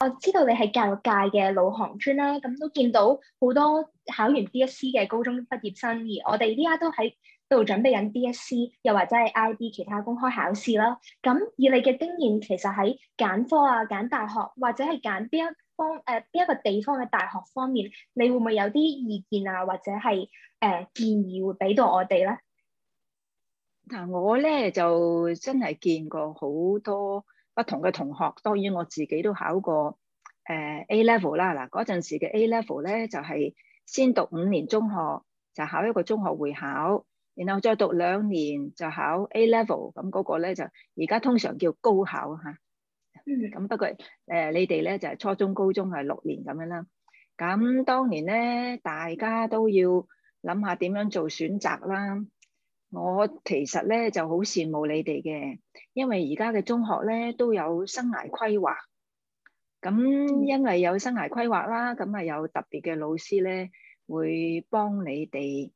我知道你係教育界嘅老行專啦，啊,咁都見到好多考完 DSE 嘅高中畢業生，而我哋呢家都喺度準備緊 DSE 又或者係 IB 其他公開考試啦。咁以你嘅經驗，其實喺揀科啊，揀大學或者係揀邊一方誒邊、呃、一個地方嘅大學方面，你會唔會有啲意見啊，或者係誒、呃、建議會俾到我哋咧？嗱，我咧就真係見過好多。不同嘅同學，當然我自己都考過誒、呃、A level 啦。嗱，嗰陣時嘅 A level 咧就係、係、先讀五年中學，就考一個中學會考，然後再讀兩年就考 A level 咁嗰。咁嗰個咧就而家通常叫高考吓。咁、嗯、不過誒、呃，你哋咧就係、係、初中、高中係六年咁樣啦。咁當年咧，大家都要諗下點樣做選擇啦。我其實咧就好羨慕你哋嘅，因為而家嘅中學咧都有生涯規劃，咁因為有生涯規劃啦，咁啊有特別嘅老師咧會幫你哋，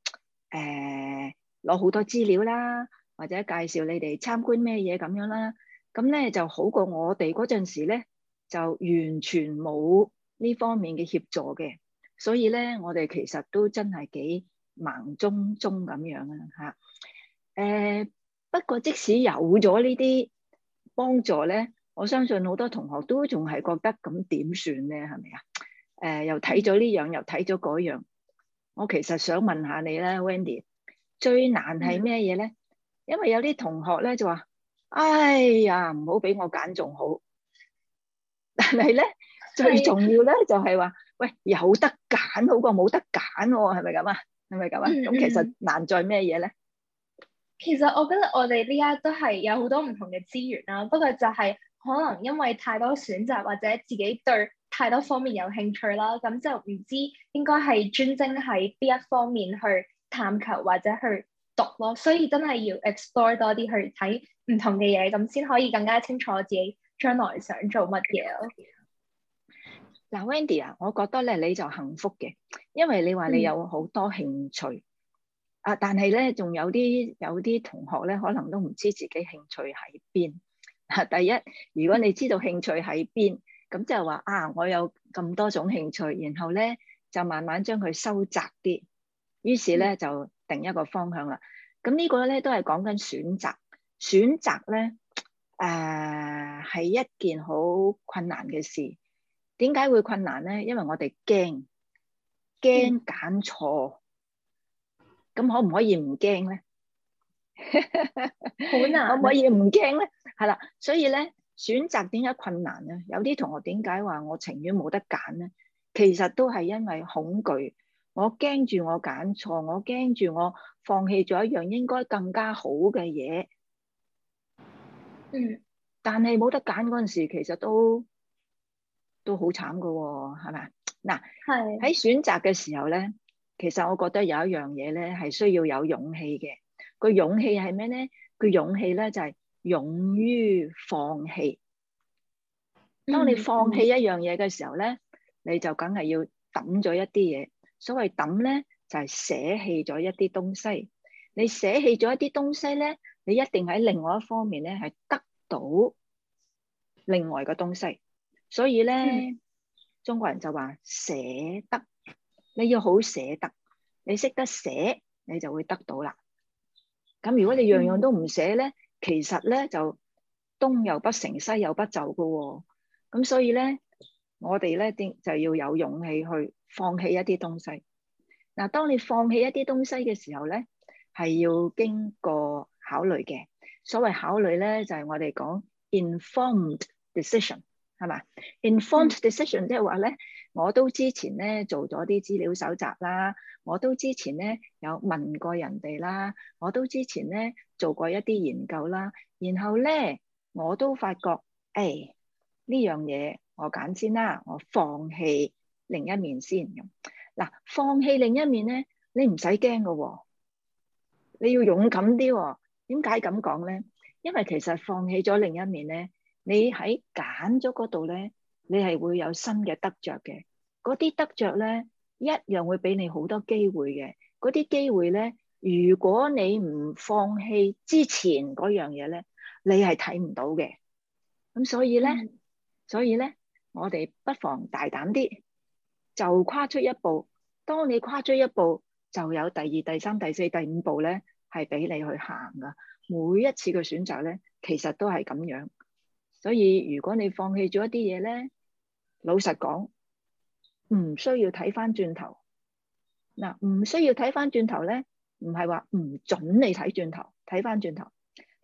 誒攞好多資料啦，或者介紹你哋參觀咩嘢咁樣啦，咁咧就好過我哋嗰陣時咧就完全冇呢方面嘅協助嘅，所以咧我哋其實都真係幾盲中中咁樣啊吓。誒、呃，不過即使有咗呢啲幫助咧，我相信好多同學都仲係覺得咁點算咧？係咪啊？誒、呃，又睇咗呢樣，又睇咗嗰樣。我其實想問下你咧，Wendy，最難係咩嘢咧？因為有啲同學咧就話：哎呀，唔好俾我揀仲好。 但係咧，最重要咧的就係話，喂，有得揀好過冇得揀，係咪咁啊？係咪咁啊？咁、嗯嗯、其實難在咩嘢咧？其實我覺得我哋呢家都係有好多唔同嘅資源啦，不過就係可能因為太多選擇或者自己對太多方面有興趣啦，咁就唔知應該係專精喺邊一方面去探求或者去讀咯，所以真係要 explore 多啲去睇唔同嘅嘢，咁先可以更加清楚自己將來想做乜嘢咯。嗱 ，Wendy 啊，我覺得咧你，你就幸福嘅，因為你話你有好多、嗯、興趣。啊！但係咧，仲有啲有啲同學咧，可能都唔知自己興趣喺邊。第一，如果你知道興趣喺邊，咁就話啊，我有咁多種興趣，然後咧就慢慢將佢收窄啲，於是咧就定一個方向啦。咁、嗯、呢個咧都係講緊選擇，選擇咧誒係一件好困難嘅事。點解會困難咧？因為我哋驚驚揀錯。嗯咁可唔可以唔驚咧？好 難，可唔可以唔驚咧？係啦，所以咧選擇點解困難咧？有啲同學點解話我情願冇得揀咧？其實都係因為恐懼，我驚住我揀錯，我驚住我放棄咗一樣應該更加好嘅嘢。嗯。但係冇得揀嗰陣時，其實都都好慘噶，係咪啊？嗱，係，喺選擇嘅時候咧。其實我覺得有一樣嘢咧，係需要有勇氣嘅。個勇氣係咩咧？個勇氣咧就係勇於放棄。當你放棄一樣嘢嘅時候咧，你就梗係要抌咗一啲嘢。所謂抌咧，就係捨棄咗一啲東西。你捨棄咗一啲東西咧，你一定喺另外一方面咧係得到另外嘅東西。所以咧，中國人就話捨得。你要好捨得，你識得捨，你就會得到啦。咁如果你樣樣都唔捨咧，其實咧就東又不成西又不就嘅喎。咁所以咧，我哋咧啲就要有勇氣去放棄一啲東西。嗱，當你放棄一啲東西嘅時候咧，係要經過考慮嘅。所謂考慮咧，就係、是、我哋講 informed decision 係嘛？informed decision 即係話咧。我都之前咧做咗啲資料搜集啦，我都之前咧有問過人哋啦，我都之前咧做過一啲研究啦，然後咧我都發覺，誒呢樣嘢我揀先啦，我放棄另一面先咁。嗱，放棄另一面咧，你唔使驚㗎喎，你要勇敢啲喎、哦。點解咁講咧？因為其實放棄咗另一面咧，你喺揀咗嗰度咧。你係會有新嘅得着嘅，嗰啲得着咧，一樣會俾你好多機會嘅。嗰啲機會咧，如果你唔放棄之前嗰樣嘢咧，你係睇唔到嘅。咁所以咧，嗯、所以咧，我哋不妨大膽啲，就跨出一步。當你跨出一步，就有第二、第三、第四、第五步咧，係俾你去行㗎。每一次嘅選擇咧，其實都係咁樣。所以如果你放棄咗一啲嘢咧，老實講，唔需要睇翻轉頭。嗱，唔需要睇翻轉頭咧，唔係話唔準你睇轉頭，睇翻轉頭，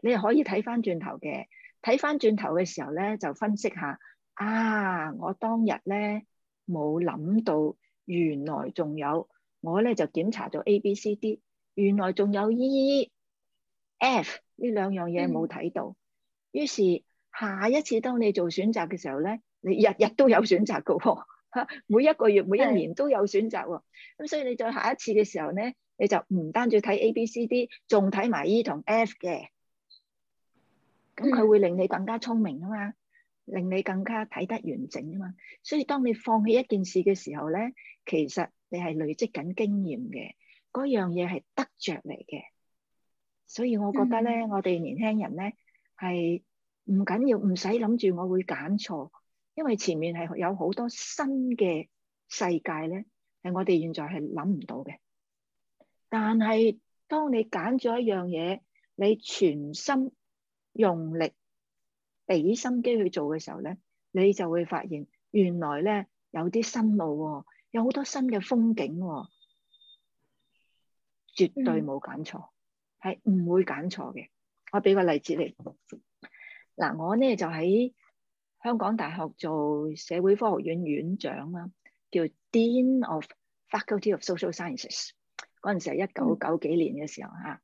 你係可以睇翻轉頭嘅。睇翻轉頭嘅時候咧，就分析下啊，我當日咧冇諗到，原來仲有，我咧就檢查咗 A、B、C、D，原來仲有 E、F 呢兩樣嘢冇睇到，嗯。於是。下一次當你做選擇嘅時候咧，你日日都有選擇嘅喎、哦，每一個月每一年都有選擇喎、哦。咁 所以你再下一次嘅時候咧，你就唔單止睇 A、B、C、D，仲睇埋 E 同 F 嘅。咁佢會令你更加聰明啊嘛，令你更加睇得完整啊嘛。所以當你放棄一件事嘅時候咧，其實你係累積緊經驗嘅，嗰樣嘢係得着嚟嘅。所以我覺得咧， 我哋年輕人咧係。唔緊要，唔使諗住，我會揀錯，因為前面係有好多新嘅世界咧，係我哋現在係諗唔到嘅。但係當你揀咗一樣嘢，你全心用力俾心機去做嘅時候咧，你就會發現原來咧有啲新路喎、哦，有好多新嘅風景喎、哦，絕對冇揀錯，係唔、嗯、會揀錯嘅。我俾個例子你。嗱，我咧就喺香港大學做社會科學院院長啦，叫 Dean of Faculty of Social Sciences。嗰陣時係一九九幾年嘅時候嚇，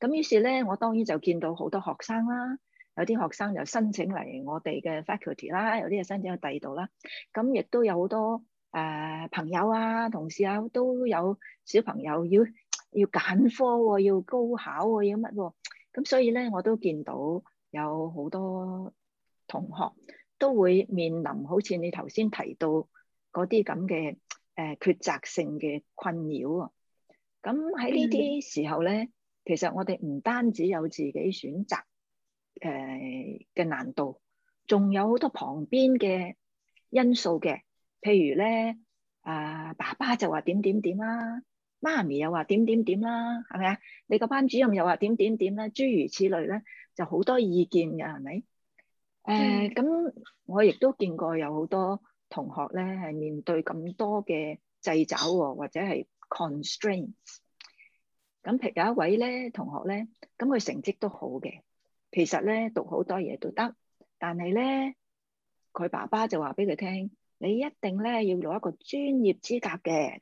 咁、嗯啊、於是咧，我當然就見到好多學生啦，有啲學生就申請嚟我哋嘅 Faculty 啦，有啲又申請去第二度啦。咁亦都有好多誒、呃、朋友啊、同事啊都有小朋友要要揀科喎、啊，要高考喎、啊，要乜喎、啊？咁所以咧，我都見到。有好多同學都會面臨好似你頭先提到嗰啲咁嘅誒抉擇性嘅困擾啊！咁喺呢啲時候咧，嗯、其實我哋唔單止有自己選擇誒嘅、呃、難度，仲有好多旁邊嘅因素嘅，譬如咧啊、呃、爸爸就話點點點啦。媽咪又話點點點啦，係咪啊？你個班主任又話點點點啦，諸如此類咧，就好多意見嘅，係咪？誒，咁我亦都見過有好多同學咧，係面對咁多嘅掣肘或者係 constraints。咁譬如有一位咧同學咧，咁佢成績都好嘅，其實咧讀好多嘢都得，但係咧佢爸爸就話俾佢聽，你一定咧要攞一個專業資格嘅。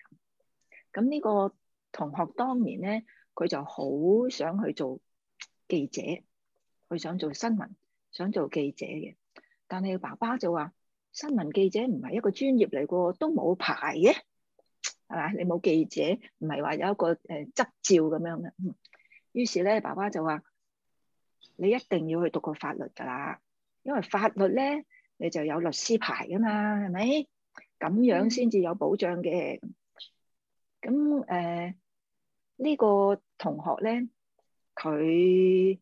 咁呢個同學當年咧，佢就好想去做記者，佢想做新聞，想做記者嘅。但係爸爸就話，新聞記者唔係一個專業嚟嘅，都冇牌嘅，係嘛？你冇記者，唔係話有一個誒執照咁樣嘅。嗯，於是咧，爸爸就話，你一定要去讀個法律噶啦，因為法律咧，你就有律師牌噶嘛，係咪？咁樣先至有保障嘅。嗯咁誒呢個同學咧，佢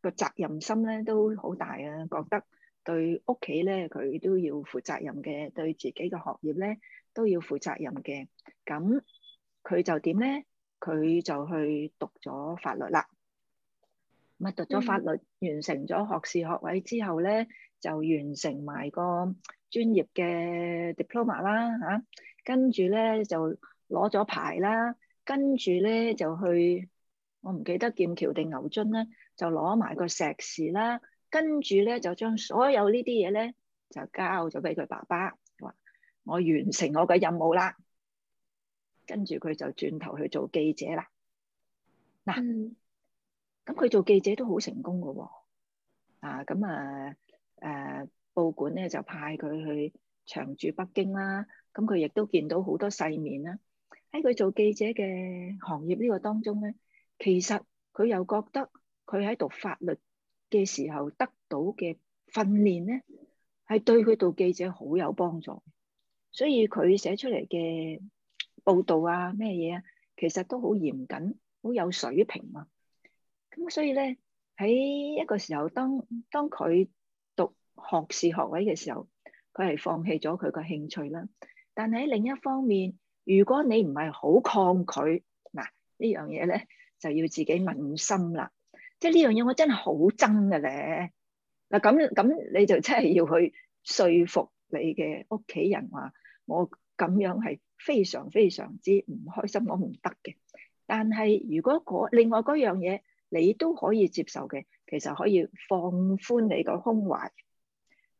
個責任心咧都好大啊！覺得對屋企咧佢都要負責任嘅，對自己嘅學業咧都要負責任嘅。咁佢就點咧？佢就去讀咗法律啦。咁啊、嗯，讀咗法律，完成咗學士學位之後咧，就完成埋個專業嘅 diploma 啦嚇。啊跟住咧就攞咗牌啦，跟住咧就去，我唔記得劍橋定牛津啦，就攞埋個碩士啦，跟住咧就將所有呢啲嘢咧就交咗俾佢爸爸，話我完成我嘅任務啦。跟住佢就轉頭去做記者啦。嗱，咁佢、嗯、做記者都好成功嘅喎、哦。啊，咁啊，誒、啊、報館咧就派佢去長住北京啦。咁佢亦都見到好多世面啦。喺佢做記者嘅行業呢個當中咧，其實佢又覺得佢喺讀法律嘅時候得到嘅訓練咧，係對佢做記者好有幫助。所以佢寫出嚟嘅報導啊，咩嘢啊，其實都好嚴謹，好有水平嘛、啊。咁所以咧，喺一個時候，當當佢讀學士學位嘅時候，佢係放棄咗佢個興趣啦。但喺另一方面，如果你唔係好抗拒嗱呢樣嘢咧，就要自己問心啦。即係呢樣嘢，我真係好憎嘅咧。嗱咁咁，你就真係要去說服你嘅屋企人話，我咁樣係非常非常之唔開心，我唔得嘅。但係如果另外嗰樣嘢你都可以接受嘅，其實可以放寬你個胸懷，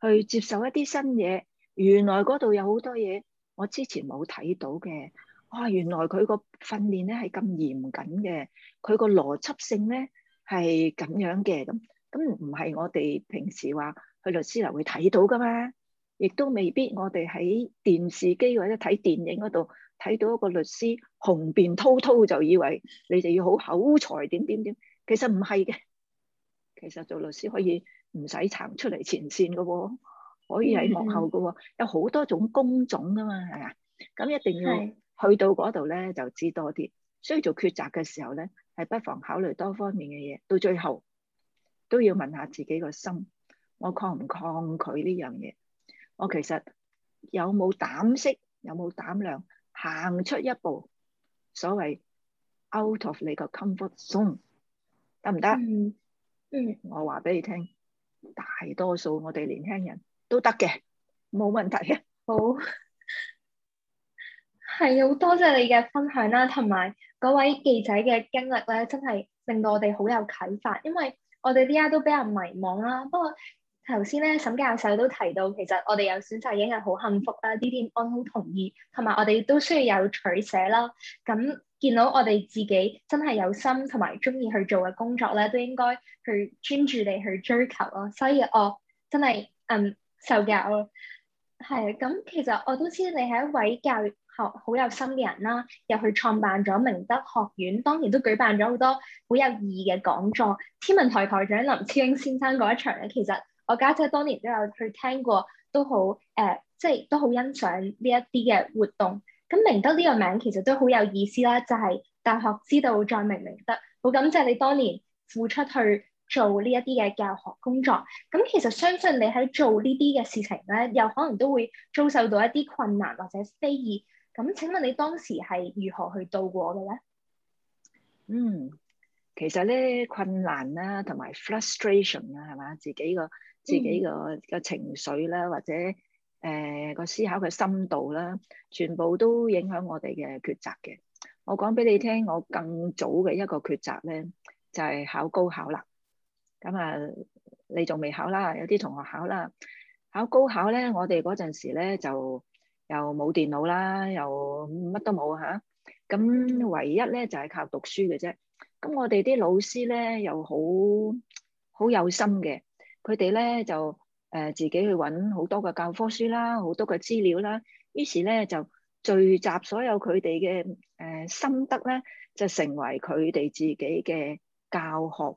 去接受一啲新嘢。原來嗰度有好多嘢。我之前冇睇到嘅，哇！原來佢個訓練咧係咁嚴緊嚴謹嘅，佢個邏輯性咧係咁樣嘅，咁，咁唔係我哋平時話去律師樓會睇到噶嘛，亦都未必我哋喺電視機或者睇電影嗰度睇到一個律師雄辯滔滔就以為你哋要好口才點點點，其實唔係嘅，其實做律師可以唔使撐出嚟前線嘅喎、哦。可以喺幕後噶喎，mm hmm. 有好多種工種噶嘛，係咪？咁一定要去到嗰度咧，就知多啲。需要做抉擇嘅時候咧，係不妨考慮多方面嘅嘢。到最後都要問下自己個心，我抗唔抗拒呢樣嘢？我其實有冇膽識，有冇膽量行出一步？所謂 out of 你個 comfort zone 得唔得？嗯、mm，hmm. 我話俾你聽，大多數我哋年輕人。都得嘅，冇問題嘅。好，係好多謝你嘅分享啦，同埋嗰位記者嘅經歷咧，真係令到我哋好有啟發。因為我哋啲人都比較迷茫啦。不過頭先咧，沈教授都提到，其實我哋有選擇已經係好幸福啦。呢啲我好同意，同埋我哋都需要有取捨啦。咁見到我哋自己真係有心同埋中意去做嘅工作咧，都應該去專注地去追求咯。所以我真係嗯。受教咯，係啊！咁其實我都知你係一位教育學好有心嘅人啦，又去創辦咗明德學院，當年都舉辦咗好多好有意義嘅講座。天文台台長林超英先生嗰一場咧，其實我家姐當年都有去聽過，都好誒，即、呃、係、即係、都好欣賞呢一啲嘅活動。咁明德呢個名其實都好有意思啦，就係、係、大學知道再明明德，好感謝你當年付出去。做呢一啲嘅教學工作，咁其實相信你喺做呢啲嘅事情咧，又可能都會遭受到一啲困難或者非議。咁請問你當時係如何去度過嘅咧？嗯，其實咧困難啦，同埋 frustration 啊，係嘛自己個自己個個情緒啦、啊，或者誒個、呃、思考嘅深度啦、啊，全部都影響我哋嘅抉擇嘅。我講俾你聽，我更早嘅一個抉擇咧，就係、是、考高考啦。咁啊，你仲未考啦？有啲同學考啦，考高考咧。我哋嗰陣時咧就又冇電腦啦，又乜都冇吓。咁唯一咧就係靠讀書嘅啫。咁我哋啲老師咧又好好有心嘅，佢哋咧就誒自己去搵好多嘅教科書啦，好多嘅資料啦。於是咧就聚集所有佢哋嘅誒心得咧，就成爲佢哋自己嘅教學。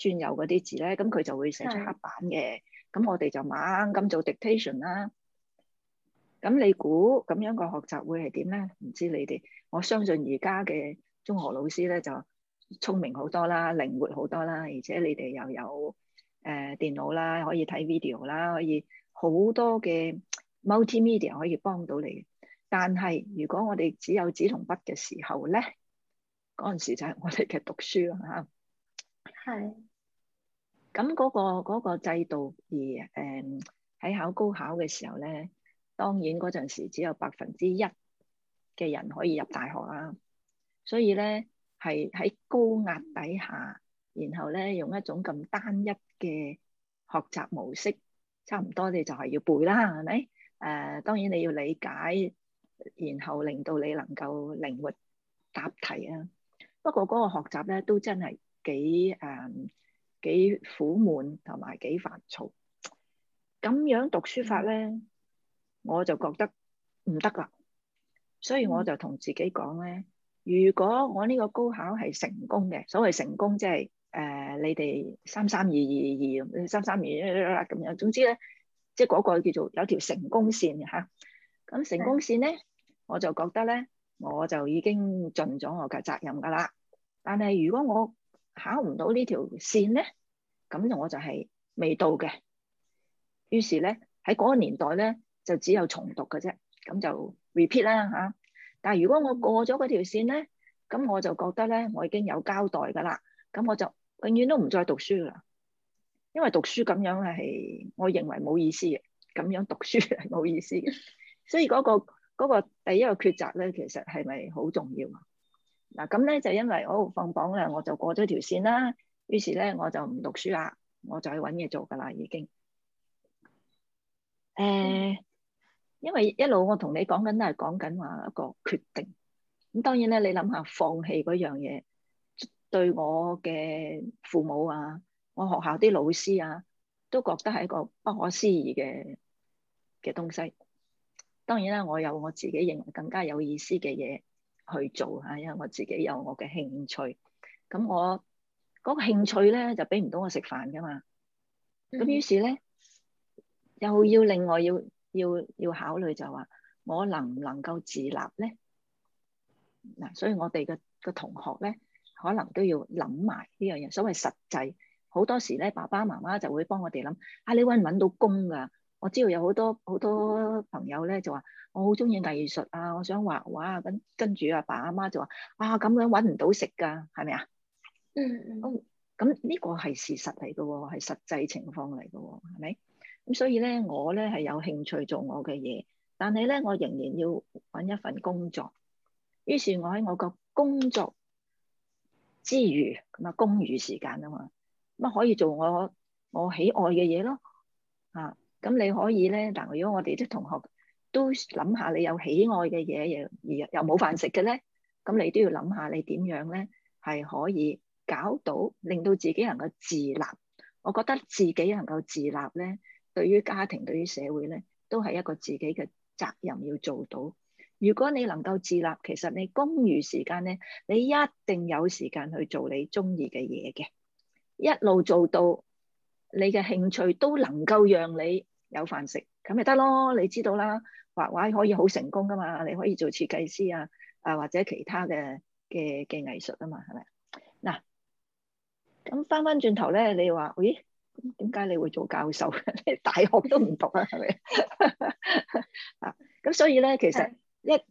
專有嗰啲字咧，咁佢就會寫出黑板嘅。咁的我哋就猛咁做 dictation 啦。咁你估咁樣嘅學習會係點咧？唔知你哋？我相信而家嘅中學老師咧就聰明好多啦，靈活好多啦，而且你哋又有誒、呃、電腦啦，可以睇 video 啦，可以好多嘅 multimedia 可以幫到你。但係如果我哋只有紙同筆嘅時候咧，嗰陣時就係我哋嘅讀書嚇。係。咁嗰、那個那個制度而，而誒喺考高考嘅時候咧，當然嗰陣時只有百分之一嘅人可以入大學啦、啊。所以咧，係喺高壓底下，然後咧用一種咁單一嘅學習模式，差唔多你就係要背啦，係咪？誒、呃，當然你要理解，然後令到你能夠靈活答題啊。不過嗰個學習咧都真係幾誒。嗯幾苦悶同埋幾煩躁，咁樣讀書法咧，我就覺得唔得喇。所以我就同自己講咧：如果我呢個高考係成功嘅，所謂成功即係誒，你哋三三二二二三三二二啦咁樣。總之咧，即係嗰個叫做有條成功線吓。咁成功線咧，我就覺得咧，我就已經盡咗我嘅責任噶啦。但係如果我考唔到呢條線咧，咁我就係未到嘅。於是咧，喺嗰個年代咧，就只有重讀嘅啫。咁就 repeat 啦吓、啊。但係如果我過咗嗰條線咧，咁我就覺得咧，我已經有交代噶啦。咁我就永遠都唔再讀書啦，因為讀書咁樣係我認為冇意思嘅。咁樣讀書係冇意思嘅。所以嗰、嗰個、嗰個第一個抉擇咧，其實係咪好重要啊？嗱咁咧就因為我、哦、放榜啦，我就過咗條線啦，於是咧我就唔讀書啦，我就去搵嘢做噶啦，已經。誒、呃，因為一路我同你講緊都係講緊話一個決定。咁當然咧，你諗下放棄嗰樣嘢對我嘅父母啊，我學校啲老師啊，都覺得係一個不可思議嘅嘅東西。當然啦，我有我自己認為更加有意思嘅嘢。去做嚇，因為我自己有我嘅興趣，咁我嗰個興趣咧就俾唔到我食飯噶嘛，咁於是咧又要另外要要要考慮就話我能唔能夠自立咧？嗱，所以我哋嘅嘅同學咧，可能都要諗埋呢樣嘢。所謂實際，好多時咧，爸爸媽媽就會幫我哋諗啊，你揾唔揾到工㗎？我知道有好多好多朋友咧，就話我好中意藝術啊，我想畫畫啊，咁跟住阿爸阿媽就話啊咁樣搵唔到食噶，係咪啊？嗯，咁咁呢個係事實嚟噶，係實際情況嚟噶，係咪？咁所以咧，我咧係有興趣做我嘅嘢，但係咧我仍然要搵一份工作。於是我喺我個工作之餘咁啊，公餘時間啊嘛，咁啊可以做我我喜愛嘅嘢咯，啊。咁你可以咧，嗱，如果我哋啲同學都諗下，你有喜愛嘅嘢，又而又冇飯食嘅咧，咁你都要諗下你點樣咧，係可以搞到令到自己能夠自立。我覺得自己能夠自立咧，對於家庭、對於社會咧，都係一個自己嘅責任要做到。如果你能夠自立，其實你公餘時間咧，你一定有時間去做你中意嘅嘢嘅，一路做到你嘅興趣都能夠讓你。有飯食咁咪得咯，你知道啦。畫畫可以好成功噶嘛，你可以做設計師啊，啊或者其他嘅嘅嘅藝術啊嘛，係咪？嗱，咁翻翻轉頭咧，你話，咦，點解你會做教授？你 大學都唔讀啊，係咪？啊，咁所以咧，其實是的 一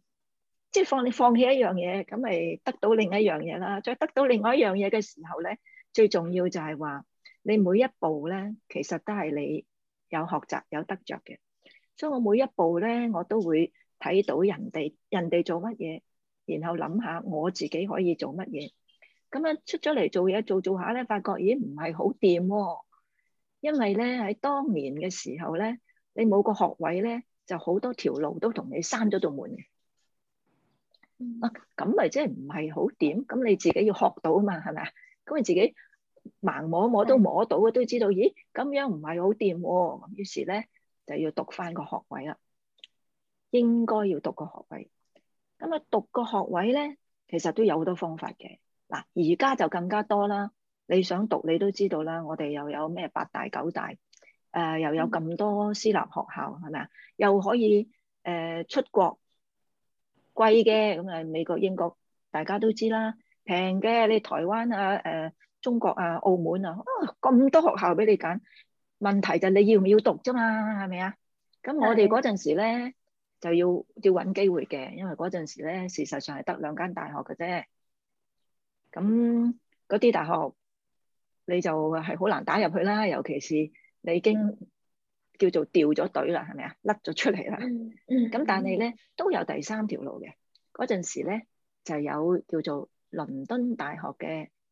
即係放你放棄一樣嘢，咁咪得到另一樣嘢啦。再得到另外一樣嘢嘅時候咧，最重要就係話，你每一步咧，其實都係你。有學習有得着嘅，所以我每一步咧，我都會睇到人哋人哋做乜嘢，然後諗下我自己可以做乜嘢。咁樣出咗嚟做嘢做著做下咧，發覺咦，唔係好掂喎，因為咧喺當年嘅時候咧，你冇個學位咧，就好多條路都同你閂咗道門嘅。啊，咁咪即係唔係好掂？咁你自己要學到啊嘛，係咪啊？咁你自己。盲摸摸都摸到嘅，都知道，咦，咁樣唔係好掂。咁於是咧就要讀翻個學位啦，應該要讀個學位。咁啊，讀個學位咧，其實都有好多方法嘅。嗱，而家就更加多啦。你想讀，你都知道啦。我哋又有咩八大九大，誒、呃，又有咁多私立學校，係咪啊？又可以誒、呃、出國，貴嘅咁啊，美國、英國大家都知啦。平嘅你台灣啊，誒、呃。中國啊，澳門啊，咁、哦、咁多學校俾你揀，問題就係你要唔要讀啫嘛，係咪啊？咁我哋嗰陣時咧，就要要揾機會嘅，因為嗰陣時咧事實上係得兩間大學嘅啫。咁嗰啲大學你就係好難打入去啦，尤其是你已經叫做掉咗隊啦，係咪啊？甩咗出嚟啦。咁、嗯嗯、但係咧都有第三條路嘅。嗰陣時咧就有叫做倫敦大學嘅。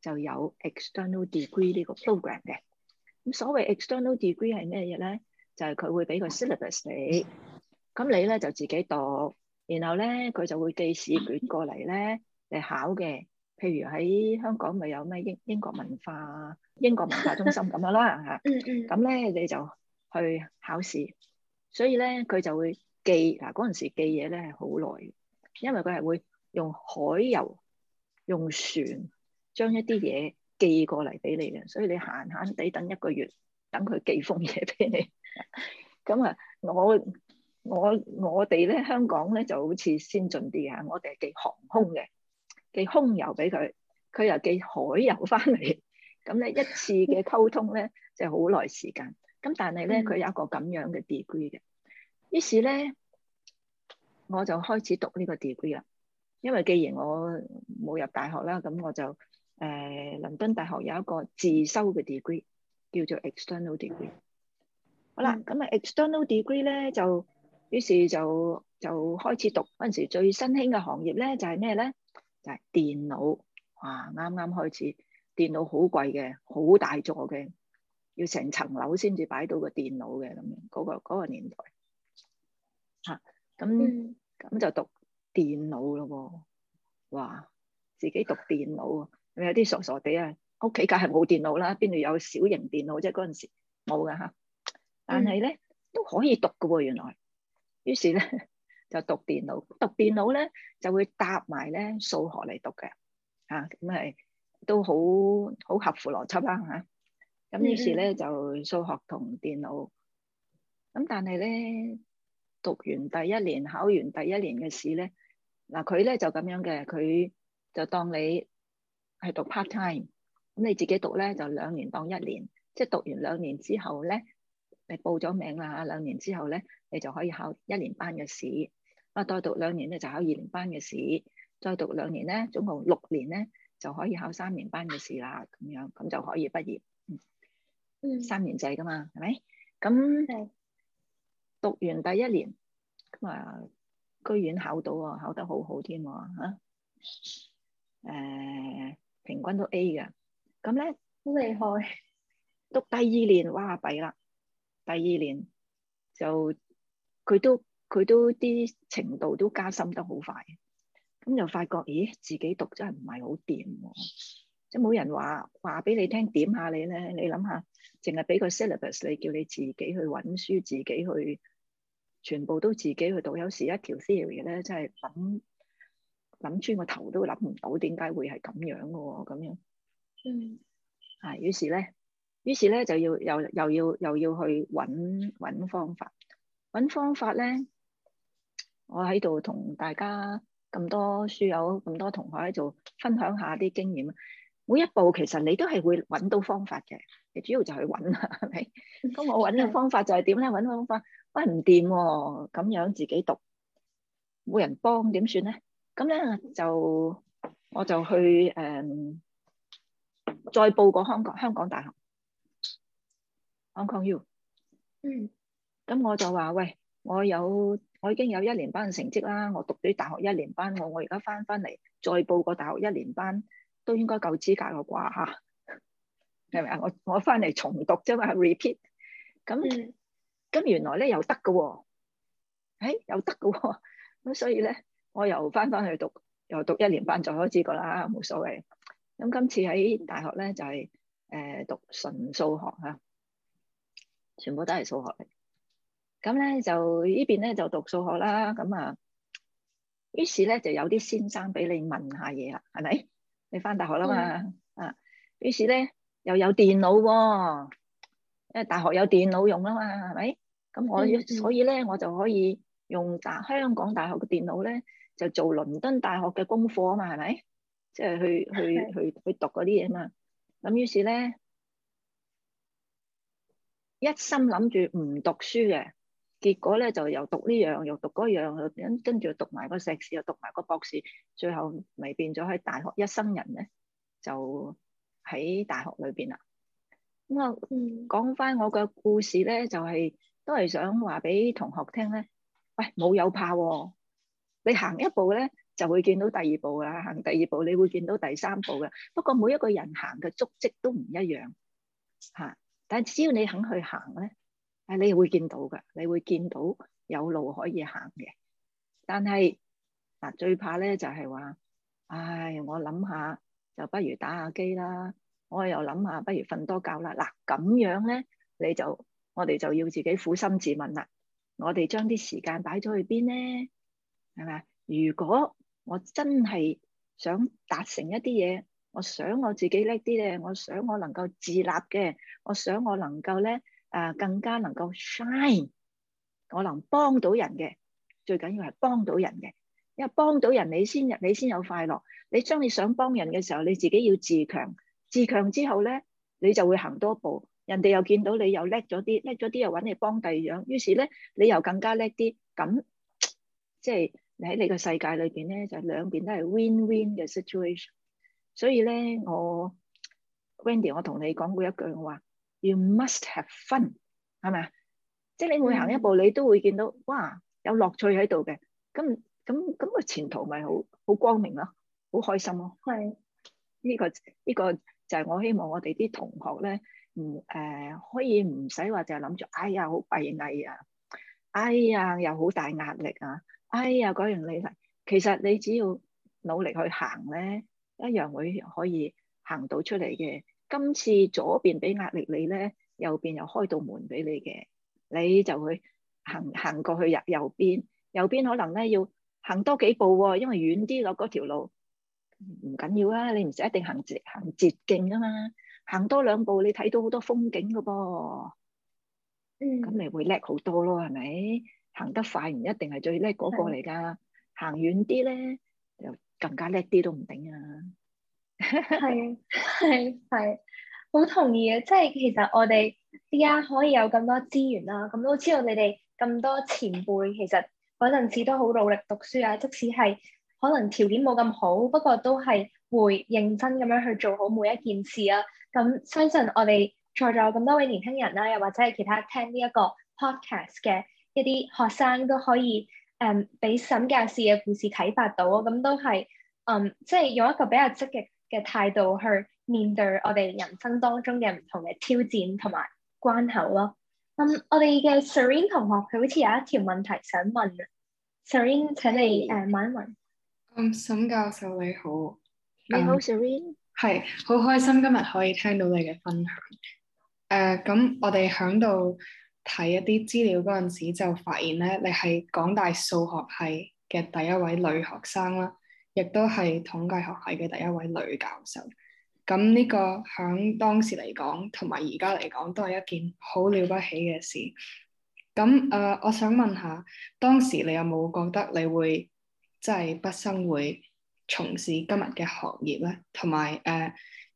就有 external degree 呢個 program 嘅。咁所謂 external degree 係咩嘢咧？就係佢會俾個 syllabus 你，咁你咧就自己讀，然後咧佢就會寄試卷過嚟咧嚟考嘅。譬如喺香港咪有咩英英國文化、英國文化中心咁樣啦嚇。嗯嗯。 咁咧你就去考試，所以咧佢就會寄嗱嗰陣時寄嘢咧係好耐，因為佢係會用海油、用船。將一啲嘢寄過嚟俾你嘅，所以你閒閒地等一個月，等佢寄封嘢俾你。咁 啊，我我我哋咧香港咧就好似先進啲嚇，我哋係寄航空嘅，寄空郵俾佢，佢又寄海郵翻嚟。咁咧一次嘅溝通咧 就係好耐時間。咁但係咧佢有一個咁樣嘅 degree 嘅，於是咧我就開始讀呢個 degree 啦。因為既然我冇入大學啦，咁我就。誒，倫敦大學有一個自修嘅 degree，叫做 external degree、嗯。好啦，咁啊 external degree 咧，就於是就就開始讀嗰陣時最新興嘅行業咧，就係咩咧？就係、是、電腦。哇、啊，啱啱開始，電腦好貴嘅，好大座嘅，要成層樓先至擺到個電腦嘅咁樣。嗰、嗰個嗰個年代，嚇咁咁就讀電腦咯喎、哦，哇，自己讀電腦啊！有啲傻傻地啊！屋企梗係冇電腦啦，邊度有小型電腦啫？嗰陣時冇噶嚇，但係咧都可以讀噶喎原來。於是咧就讀電腦，讀電腦咧就會搭埋咧數學嚟讀嘅嚇，咁、啊、係都好好合乎邏輯啦、啊、嚇。咁、啊、於是咧就數學同電腦，咁、啊、但係咧讀完第一年考完第一年嘅試咧，嗱佢咧就咁樣嘅，佢就當你。係讀 part time，咁你自己讀咧就兩年當一年，即係讀完兩年之後咧，你報咗名啦吓，兩年之後咧，你就可以考一年班嘅試，啊，再讀兩年咧就考二年班嘅試，再讀兩年咧，總共六年咧就可以考三年班嘅試啦，咁樣咁就可以畢業，嗯，嗯三年制噶嘛，係咪？咁，嗯、讀完第一年，咁啊，居然考到啊、哦，考得好好添啊，誒。平均都 A 嘅，咁咧好厲害。讀第二年，哇，弊啦！第二年就佢都佢都啲程度都加深得好快，咁就發覺，咦，自己讀真係唔係好掂喎，即係冇人話話俾你聽點下你咧。你諗下，淨係俾個 syllabus 你叫你自己去揾書，自己去全部都自己去讀。有時一條 theory 咧，真係諗。嗯諗穿個頭都諗唔到，點解會係咁樣嘅？咁樣，嗯，啊，於是咧，於是咧就要又又要又要去揾方法，揾方法咧，我喺度同大家咁多書友、咁多同學喺度分享一下啲經驗。每一步其實你都係會揾到方法嘅，你主要就去揾啦，係咪？咁 我揾嘅方法就係點咧？揾方法，喂唔掂喎，咁樣自己讀，冇人幫，點算咧？咁咧就我就去誒、um，再報個香港香港大學，Hong Kong U。嗯，咁我就話：喂，我有我已經有一年班嘅成績啦，我讀咗大學一年班，我我而家翻翻嚟再報個大學一年班，都應該夠資格嘅啩嚇，係咪啊？我我翻嚟重讀啫嘛，repeat。咁咁、嗯、原來咧又得㗎喎，誒、哎、又得㗎喎，咁所以咧。我又翻翻去讀，又讀一年班再開始過啦，冇所謂。咁今次喺大學咧就係、是、誒讀純數學吓，全部都係數學。咁咧就邊呢邊咧就讀數學啦。咁啊，於是咧就有啲先生俾你問下嘢啦，係咪？你翻大學啦嘛啊？嗯、於是咧又有電腦、哦，因為大學有電腦用啦嘛，係咪？咁我所以咧我就可以用大香港大學嘅電腦咧。就做倫敦大學嘅功課啊嘛，係咪？即係去 去去去去讀嗰啲嘢嘛。咁於是咧，一心諗住唔讀書嘅，結果咧就又讀呢樣又讀嗰樣，跟住讀埋個碩士又讀埋個博士，最後咪變咗喺大學一生人咧，就喺大學裏邊啦。咁啊，講翻我嘅故事咧，就係都係想話俾同學聽咧。喂，冇有怕？你行一步咧，就會見到第二步噶。行第二步，你會見到第三步嘅。不過每一個人行嘅足跡都唔一樣嚇、啊。但只要你肯去行咧，啊，你會見到嘅，你會見到有路可以行嘅。但係嗱、啊，最怕咧就係、係、話，唉，我諗下就不如打下機啦。我又諗下不如瞓多覺啦。嗱、啊、咁樣咧，你就我哋就要自己苦心自問啦。我哋將啲時間擺咗去邊咧？係咪？如果我真係想達成一啲嘢，我想我自己叻啲嘅，我想我能夠自立嘅，我想我能夠咧，誒，更加能夠 shine，我能幫到人嘅，最緊要係幫到人嘅，因為幫到人你先，你先有快樂。你將你想幫人嘅時候，你自己要自強，自強之後咧，你就會行多步，人哋又見到你又叻咗啲，叻咗啲又搵你幫第二樣，於是咧你又更加叻啲，咁即係。喺你嘅世界裏邊咧，就兩、是、邊都係 win win 嘅 situation。所以咧，我 Wendy，我同你講過一句，我話：，You must have fun，係咪啊？嗯、即係你每行一步，你都會見到哇，有樂趣喺度嘅。咁咁咁嘅前途咪好好光明咯、啊，好開心咯、啊。係的。呢、這個呢、這個就係我希望我哋啲同學咧，唔誒、呃、可以唔使話就係諗住，哎呀好閉翳啊，哎呀又好大壓力啊。哎呀，果然你嚟，其實你只要努力去行咧，一樣會可以行到出嚟嘅。今次左邊俾壓力你咧，右邊又開到門俾你嘅，你就會行行過去入右邊。右邊可能咧要行多幾步喎，因為遠啲咯，嗰條路唔緊要啊。你唔一定行直行捷徑噶嘛，行多兩步你睇到好多風景噶噃，咁，嗯，你會叻好多咯，係咪？行得快唔一定係最叻嗰個嚟㗎，是行遠啲咧又更加叻啲都唔定啊。係係係，好同意啊！即係其實我哋而家可以有咁多資源啦，咁都知道你哋咁多前輩其實嗰陣時都好努力讀書啊。即使係可能條件冇咁好，不過都係會認真咁樣去做好每一件事啊。咁相信我哋在座有咁多位年輕人啦，又或者係其他聽呢一個 podcast 嘅。呢啲學生都可以誒俾、um, 沈教授嘅故事啟發到，咁都係嗯，um, 即係用一個比較積極嘅態度去面對我哋人生當中嘅唔同嘅挑戰同埋關口咯。嗯、um,，我哋嘅 Serene 同學佢好似有一條問題想問 Serene 請你誒、uh, 問一問。嗯，沈教授你好。你好 Serene 係，好開心今日可以聽到你嘅分享。誒，咁我哋響度。睇一啲資料嗰陣時就發現咧，你係港大數學系嘅第一位女學生啦，亦都係統計學系嘅第一位女教授。咁呢個響當時嚟講，同埋而家嚟講，都係一件好了不起嘅事。咁誒、呃，我想問下，當時你有冇覺得你會即係畢生會從事今日嘅行業咧？同埋誒，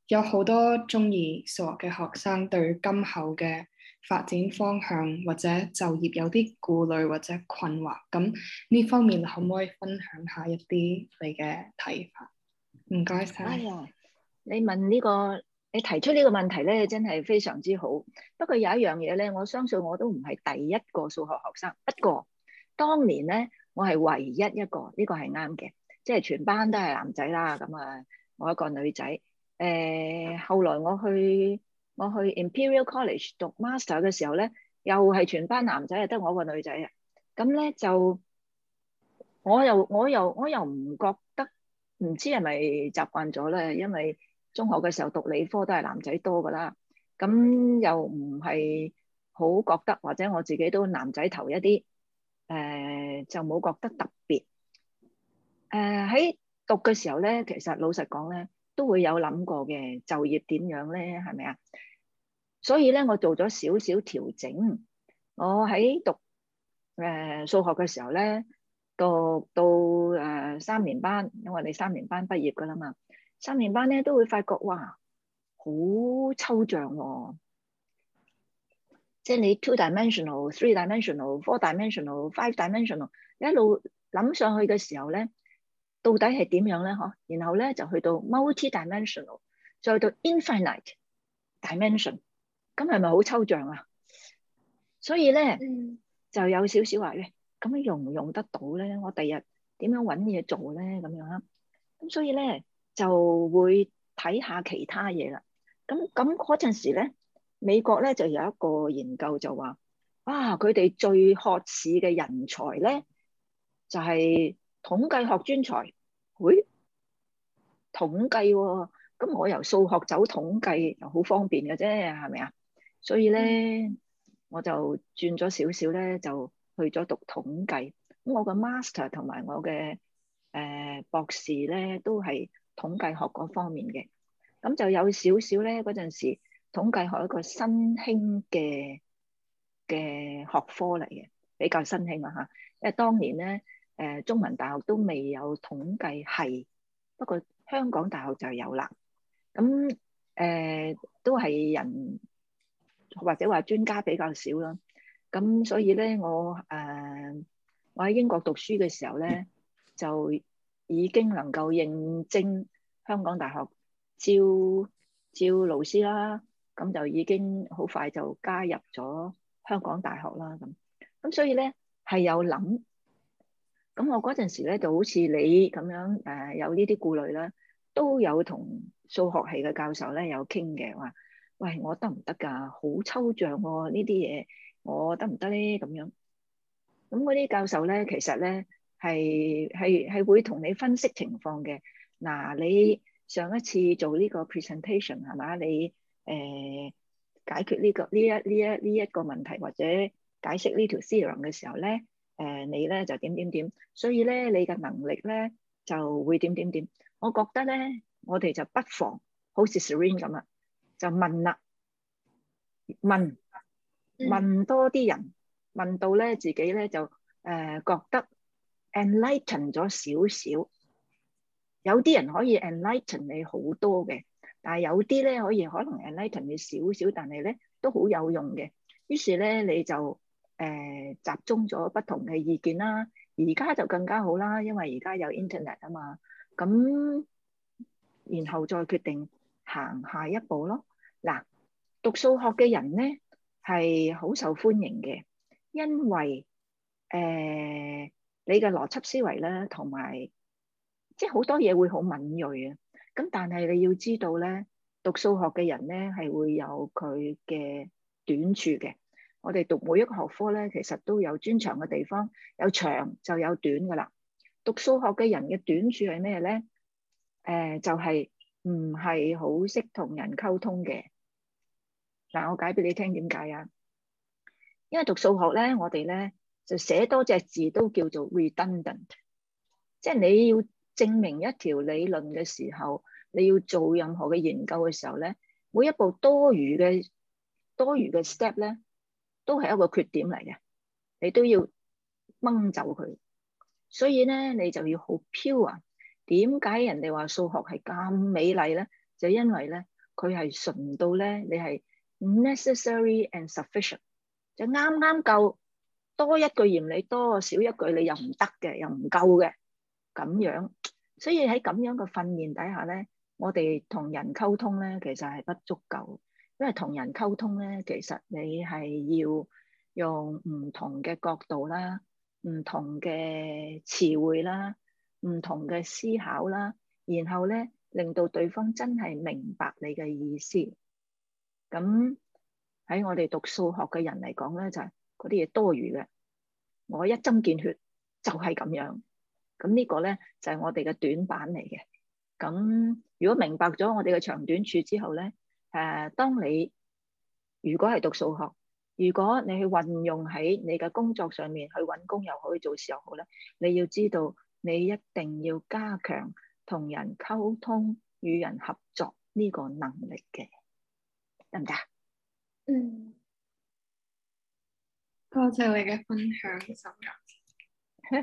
有好多中意數學嘅學生對今後嘅。發展方向或者就業有啲顧慮或者困惑，咁呢方面可唔可以分享下一啲你嘅睇法？唔該晒。哎呀，你問呢個，你提出呢個問題咧，真係非常之好。不過有一樣嘢咧，我相信我都唔係第一個數學學生，不過當年咧，我係唯一一個，呢個係啱嘅，即係全班都係男仔啦，咁啊，我一個女仔。誒，後來我去。我去 Imperial College 讀 master 嘅時候咧，又係全班男仔，又得我個女仔啊。咁咧就，我又我又我又唔覺得，唔知係咪習慣咗咧？因為中學嘅時候讀理科都係男仔多㗎喇，咁又唔係好覺得，或者我自己都男仔頭一啲，誒、呃、就冇覺得特別。誒、呃、喺讀嘅時候咧，其實老實講咧，都會有諗過嘅就業點樣咧，係咪啊？所以咧，我做咗少少調整。我喺讀誒數、呃、學嘅時候咧，讀到誒、呃、三年班，因為你三年班畢業噶啦嘛。三年班咧都會發覺哇，好抽象喎、哦！即係你 two dimensional、three dimensional、four dimensional、five dimensional 一路諗上去嘅時候咧。到底係點樣咧？嗬，然後咧就去到 multi-dimensional，再到 infinite dimension，咁係咪好抽象啊？所以咧、嗯、就有少少話咧，咁、欸、樣用唔用得到咧？我第日點樣搵嘢做咧？咁樣啦。咁所以咧就會睇下其他嘢啦。咁咁嗰陣時咧，美國咧就有一個研究就話，啊，佢哋最渴市嘅人才咧就係、是。統計學專才，喂、哎，統計、哦，咁我由數學走統計又好方便嘅啫，係咪啊？所以咧，我就轉咗少少咧，就去咗讀統計。咁我嘅 master 同埋我嘅誒、呃、博士咧，都係統計學嗰方面嘅。咁就有少少咧，嗰陣時統計學一個新興嘅嘅學科嚟嘅，比較新興啊吓。因為當年咧。誒，中文大學都未有統計系，不過香港大學就有啦。咁誒、呃，都係人或者話專家比較少咯。咁所以咧，我誒、呃，我喺英國讀書嘅時候咧，就已經能夠應徵香港大學招招老師啦。咁就已經好快就加入咗香港大學啦。咁咁所以咧，係有諗。咁我嗰陣時咧就好似你咁樣誒，有呢啲顧慮啦，都有同數學系嘅教授咧有傾嘅，話：喂，我得唔得㗎？好抽象喎，呢啲嘢我得唔得咧？咁樣咁嗰啲教授咧，其實咧係係係會同你分析情況嘅。嗱，你上一次做呢個 presentation 係嘛？你誒解決呢個呢一呢一呢一個問題，或者解釋呢條 theorem 嘅時候咧，誒，你咧就點點點，所以咧你嘅能力咧就會點點點。我覺得咧，我哋就不妨好似 Serene 咁啊，就問啦，問問多啲人，問到咧自己咧就誒、呃、覺得 enlighten 咗少少。有啲人可以 enlighten 你好多嘅，但係有啲咧可以可能 enlighten 你少少，但係咧都好有用嘅。於是咧你就。誒，集中咗不同嘅意見啦，而家就更加好啦，因為而家有 Internet 啊嘛，咁然後再決定行下一步咯。嗱，讀數學嘅人咧係好受歡迎嘅，因為誒你嘅邏輯思維咧同埋即係好多嘢會好敏銳啊。咁但係你要知道咧，讀數學嘅人咧係會有佢嘅短處嘅。我哋讀每一個學科咧，其實都有專長嘅地方，有長就有短噶啦。讀數學嘅人嘅短處係咩咧？誒、呃，就係唔係好識同人溝通嘅。嗱，我解俾你聽點解啊？因為讀數學咧，我哋咧就寫多隻字都叫做 redundant，即係你要證明一條理論嘅時候，你要做任何嘅研究嘅時候咧，每一步多餘嘅多餘嘅 step 咧。都係一個缺點嚟嘅。你都要掹走佢。所以咧，你就要好 pure 啊！點解人哋話數學係咁美麗咧？就因為咧，佢係純到咧，你係 necessary and sufficient，就啱啱夠。多一句嫌你多，少一句你又唔得嘅，又唔夠嘅咁樣。所以喺咁樣嘅訓練底下咧，我哋同人溝通咧，其實係不足夠。因為同人溝通咧，其實你係要用唔同嘅角度啦、唔同嘅詞彙啦、唔同嘅思考啦，然後咧令到對方真係明白你嘅意思。咁喺我哋讀數學嘅人嚟講咧，就係嗰啲嘢多餘嘅。我一針見血就係咁樣。咁呢個咧就係我哋嘅短板嚟嘅。咁如果明白咗我哋嘅長短處之後咧。誒、啊，當你如果係讀數學，如果你去運用喺你嘅工作上面，去搵工又可以做事又好咧，你要知道你一定要加強同人溝通、與人合作呢個能力嘅，得唔得？嗯，多謝，謝你嘅分享，沈教授。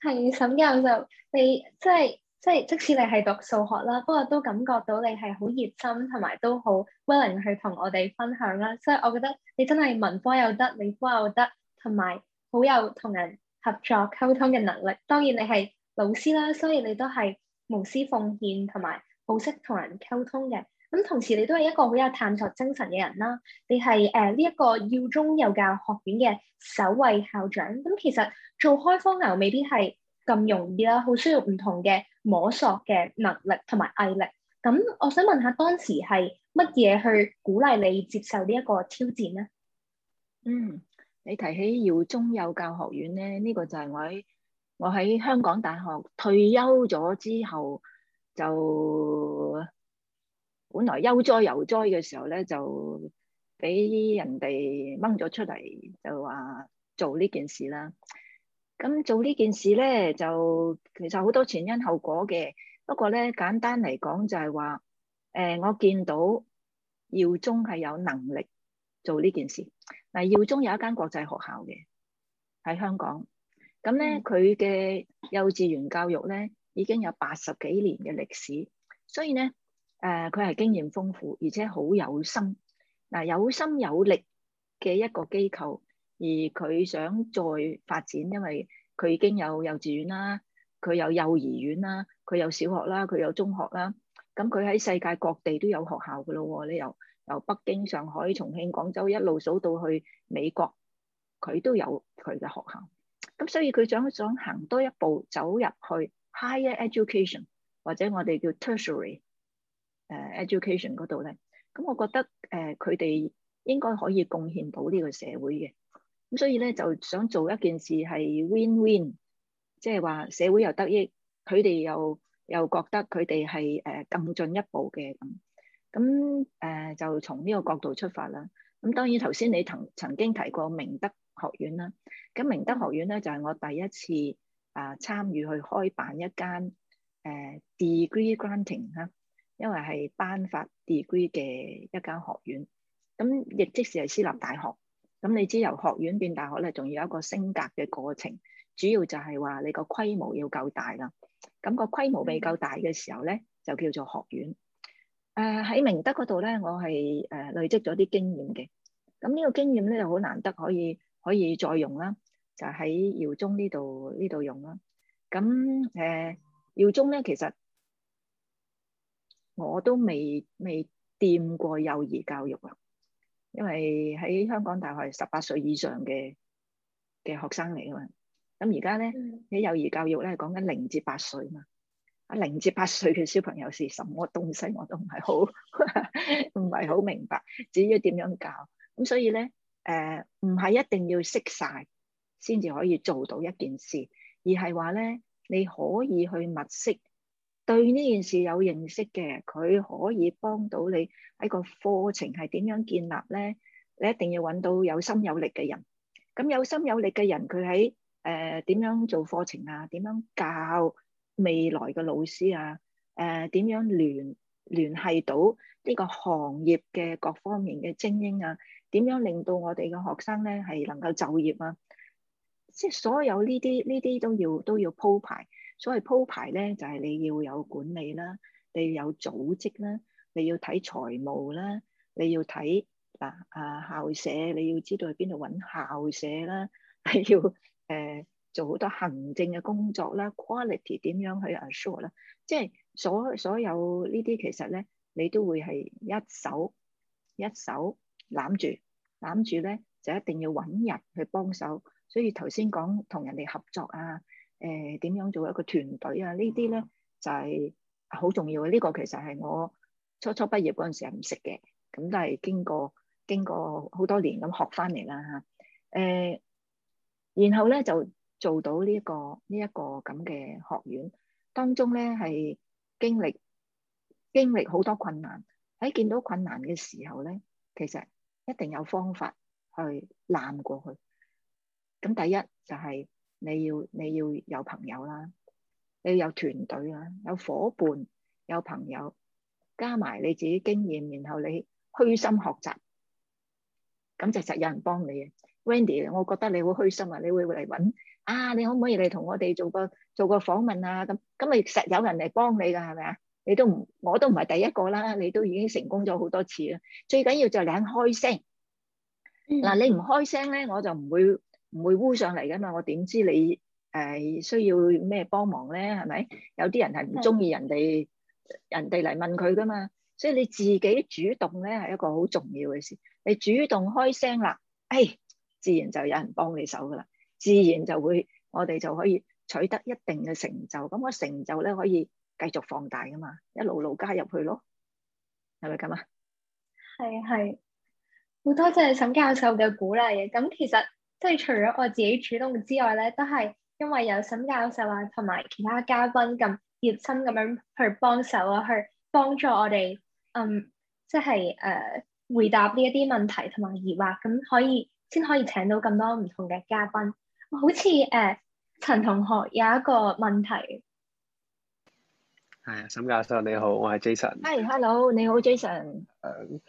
係， 沈教授，你即係。即係即使你係讀數學啦，不過都感覺到你係好熱心，同埋都好 willing 去同我哋分享啦。所以我覺得你真係文科又得，理科又得，同埋好有同人合作溝通嘅能力。當然你係老師啦，所以你都係無私奉獻，同埋好識同人溝通嘅。咁同時你都係一個好有探索精神嘅人啦。你係誒呢一個耀中幼教學院嘅首位校長。咁其實做開荒牛未必係咁容易啦，好需要唔同嘅摸索嘅能力同埋毅力，咁我想問下，當時係乜嘢去鼓勵你接受呢一個挑戰咧？嗯，你提起耀中幼教學院咧，呢個就係我喺我喺香港大學退休咗之後，就本來悠哉悠哉嘅時候咧，就俾人哋掹咗出嚟，就話做呢件事啦。咁做呢件事咧，就其實好多前因後果嘅。不過咧，簡單嚟講就係話，誒、呃，我見到耀中係有能力做呢件事。嗱、呃，耀中有一間國際學校嘅，喺香港，咁咧佢嘅幼稚園教育咧已經有八十幾年嘅歷史，所以咧，誒佢係經驗豐富，而且好有心。嗱、呃，有心有力嘅一個機構。而佢想再發展，因為佢已經有幼稚園啦，佢有幼兒園啦，佢有小學啦，佢有中學啦。咁佢喺世界各地都有學校㗎咯。你由由北京、上海、重慶、廣州一路數到去美國，佢都有佢嘅學校。咁所以佢想想行多一步，走入去 higher education 或者我哋叫 tertiary 誒 education 嗰度咧。咁我覺得誒佢哋應該可以貢獻到呢個社會嘅。咁所以咧就想做一件事係 win win，即係話社會又得益，佢哋又又覺得佢哋係誒更進一步嘅咁，咁、嗯、誒、呃、就從呢個角度出發啦。咁、嗯、當然頭先你曾曾經提過明德學院啦，咁明德學院咧就係、是、我第一次啊、呃、參與去開辦一間誒 degree granting 啦，呃、granting, 因為係頒發 degree 嘅一間學院，咁亦即是係私立大學。咁你知由學院變大學咧，仲要有一個升格嘅過程，主要就係話你個規模要夠大啦。咁個規模未夠大嘅時候咧，就叫做學院。誒、呃、喺明德嗰度咧，我係誒、呃、累積咗啲經驗嘅。咁呢個經驗咧就好難得可以可以再用啦，就喺耀中、呃、中呢度呢度用啦。咁誒耀中咧，其實我都未未掂過幼兒教育啊。因為喺香港大學係十八歲以上嘅嘅學生嚟啊、嗯、嘛。咁而家咧，喺幼兒教育咧，講緊零至八歲啊嘛。啊，零至八歲嘅小朋友是什麼東西，我都唔係好唔係好明白，至於點樣教咁，所以咧，誒、呃，唔係一定要識晒先至可以做到一件事，而係話咧，你可以去物色。對呢件事有認識嘅，佢可以幫到你喺個課程係點樣建立咧？你一定要揾到有心有力嘅人。咁有心有力嘅人，佢喺誒點樣做課程啊？點樣教未來嘅老師啊？誒、呃、點樣聯聯繫到呢個行業嘅各方面嘅精英啊？點樣令到我哋嘅學生咧係能夠就業啊？即係所有呢啲呢啲都要都要鋪排。所謂鋪排咧，就係、是、你要有管理啦，你要有組織啦，你要睇財務啦，你要睇嗱啊校舍，你要知道去邊度揾校舍啦，你 要誒、呃、做好多行政嘅工作啦，quality 點樣去 assure 啦，即係所所有呢啲其實咧，你都會係一手一手攬住攬住咧，就一定要揾人去幫手。所以頭先講同人哋合作啊。誒，點、呃、樣做一個團隊啊？呢啲咧就係、是、好重要嘅。呢、這個其實係我初初畢業嗰陣時係唔識嘅，咁都係經過經過好多年咁學翻嚟啦吓。誒、啊，然後咧就做到呢、這、一個呢一、這個咁嘅學院當中咧係經歷經歷好多困難。喺見到困難嘅時候咧，其實一定有方法去難過去。咁第一就係、是。你要你要有朋友啦，你要有團隊啦，有伙伴，有朋友，加埋你自己經驗，然後你虛心學習，咁就實有人幫你嘅。Wendy，我覺得你會虛心啊，你會嚟揾啊，你可唔可以嚟同我哋做個做個訪問啊？咁咁咪實有人嚟幫你噶，係咪啊？你都唔，我都唔係第一個啦，你都已經成功咗好多次啦。最緊要就係你肯開聲。嗱，你唔開聲咧，我就唔會。唔會污上嚟噶嘛？我點知你誒需要咩幫忙咧？係咪有啲人係唔鍾意人哋人哋嚟問佢噶嘛？所以你自己主動咧，係一個好重要嘅事。你主動開聲啦，誒，自然就有人幫你手噶啦。自然就會我哋就可以取得一定嘅成就。咁個成就咧，可以繼續放大噶嘛，一路路加入去咯，係咪咁啊？係係，好多謝沈教授嘅鼓勵啊！咁其實...即係除咗我自己主動之外咧，都係因為有沈教授啊同埋其他嘉賓咁熱心咁樣去幫手啊，去幫助我哋嗯，即係誒回答呢一啲問題同埋疑惑。咁可以先可以請到咁多唔同嘅嘉賓。好似誒陳同學有一個問題。係啊、哎，沈教授你好，我係 Jason。Hi hello，你好 Jason。嗯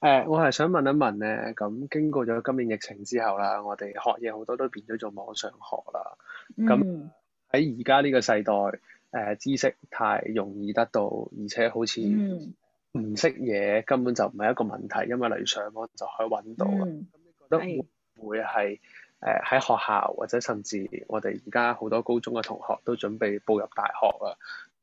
誒、呃，我係想問一問咧，咁、嗯、經過咗今年疫情之後啦，我哋學嘢好多都變咗做網上學啦。咁喺而家呢個世代，誒、呃、知識太容易得到，而且好似唔識嘢根本就唔係一個問題，因為例如上網就可以揾到。咁、嗯、你覺得會唔會係喺的、呃、學校或者甚至我哋而家好多高中嘅同學都準備步入大學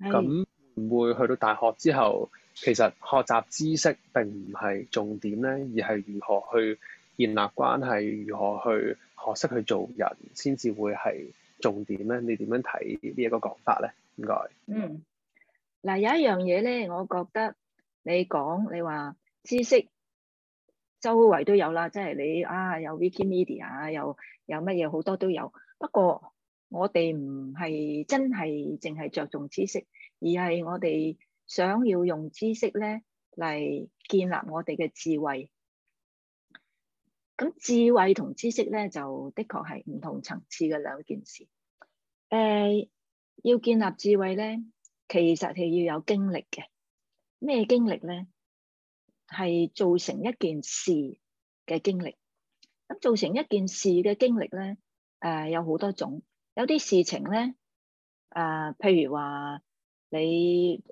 啊，咁唔會去到大學之後，其實學習知識並唔係重點咧，而係如何去建立關係，如何去學識去做人，先至會係重點咧。你點樣睇呢一個講法咧？應該嗯，嗱，有一樣嘢咧，我覺得你講你話知識周圍都有啦，即係你啊，有 Wiki Media 啊，有有乜嘢，好多都有。不過我哋唔係真係淨係着重知識。而係我哋想要用知識咧嚟建立我哋嘅智慧。咁智慧同知識咧就的確係唔同層次嘅兩件事。誒、呃，要建立智慧咧，其實係要有經歷嘅。咩經歷咧？係造成一件事嘅經歷。咁造成一件事嘅經歷咧，誒、呃，有好多種。有啲事情咧，誒、呃，譬如話。你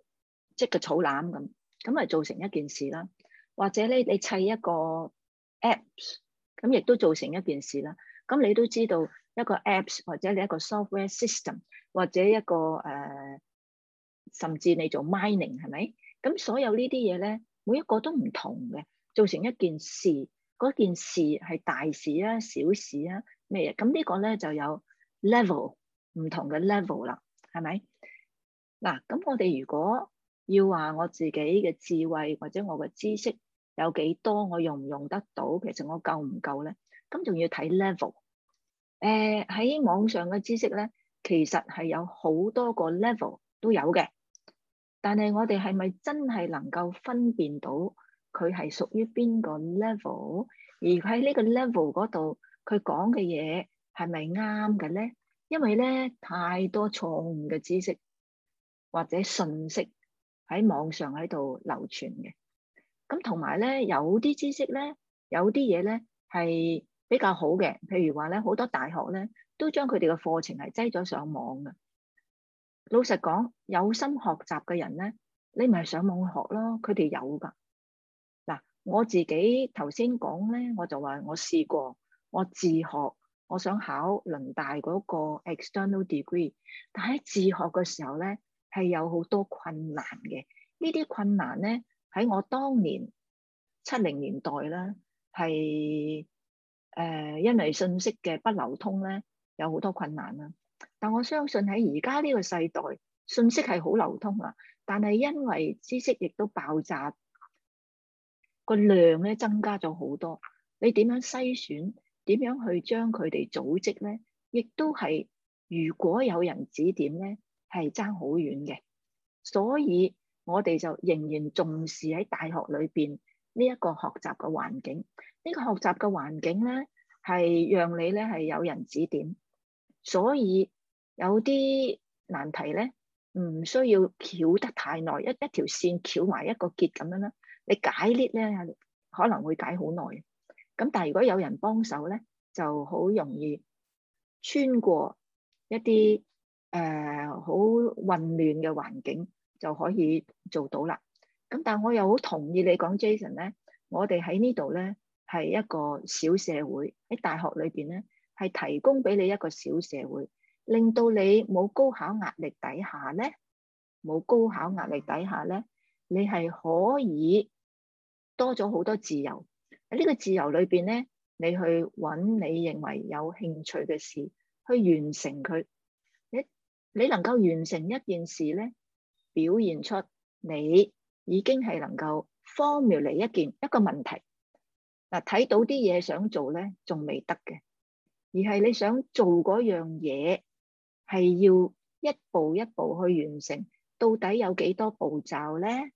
即係個草籃咁，咁係做成一件事啦。或者咧，你砌一個 apps，咁亦都做成一件事啦。咁你都知道一個 apps 或者你一個 software system 或者一個誒、呃，甚至你做 mining 係咪？咁所有呢啲嘢咧，每一個都唔同嘅，做成一件事，嗰件事係大事啊、小事啊咩嘢？咁呢個咧就有 level 唔同嘅 level 啦，係咪？嗱，咁我哋如果要話我自己嘅智慧或者我嘅知識有幾多，我用唔用得到？其實我夠唔夠咧？咁仲要睇 level？誒、呃，喺網上嘅知識咧，其實係有好多個 level 都有嘅，但係我哋係咪真係能夠分辨到佢係屬於邊個 level？而喺呢個 level 嗰度，佢講嘅嘢係咪啱嘅咧？因為咧太多錯誤嘅知識。或者信息喺網上喺度流傳嘅，咁同埋咧有啲知識咧，有啲嘢咧係比較好嘅，譬如話咧，好多大學咧都將佢哋嘅課程係擠咗上網嘅。老實講，有心學習嘅人咧，你咪上網學咯，佢哋有㗎。嗱，我自己頭先講咧，我就話我試過我自學，我想考倫大嗰個 external degree，但喺自學嘅時候咧，係有好多困難嘅，呢啲困難咧喺我當年七零年代啦，係誒、呃、因為信息嘅不流通咧，有好多困難啦。但我相信喺而家呢個世代，信息係好流通啊，但係因為知識亦都爆炸，個量咧增加咗好多，你點樣篩選，點樣去將佢哋組織咧，亦都係如果有人指點咧。係爭好遠嘅，所以我哋就仍然重視喺大學裏邊呢一個學習嘅環境。呢、這個學習嘅環境咧，係讓你咧係有人指點。所以有啲難題咧，唔需要翹得太耐，一一條線翹埋一個結咁樣啦。你解鈴咧，可能會解好耐。咁但係如果有人幫手咧，就好容易穿過一啲、嗯。誒，好、呃、混亂嘅環境就可以做到啦。咁，但我又好同意你講 Jason 咧，我哋喺呢度咧係一個小社會，喺大學裏邊咧係提供俾你一個小社會，令到你冇高考壓力底下咧，冇高考壓力底下咧，你係可以多咗好多自由。喺呢個自由裏邊咧，你去揾你認為有興趣嘅事去完成佢。你能夠完成一件事咧，表現出你已經係能夠 formulate 一件一個問題。嗱，睇到啲嘢想做咧，仲未得嘅，而係你想做嗰樣嘢，係要一步一步去完成。到底有幾多步驟咧？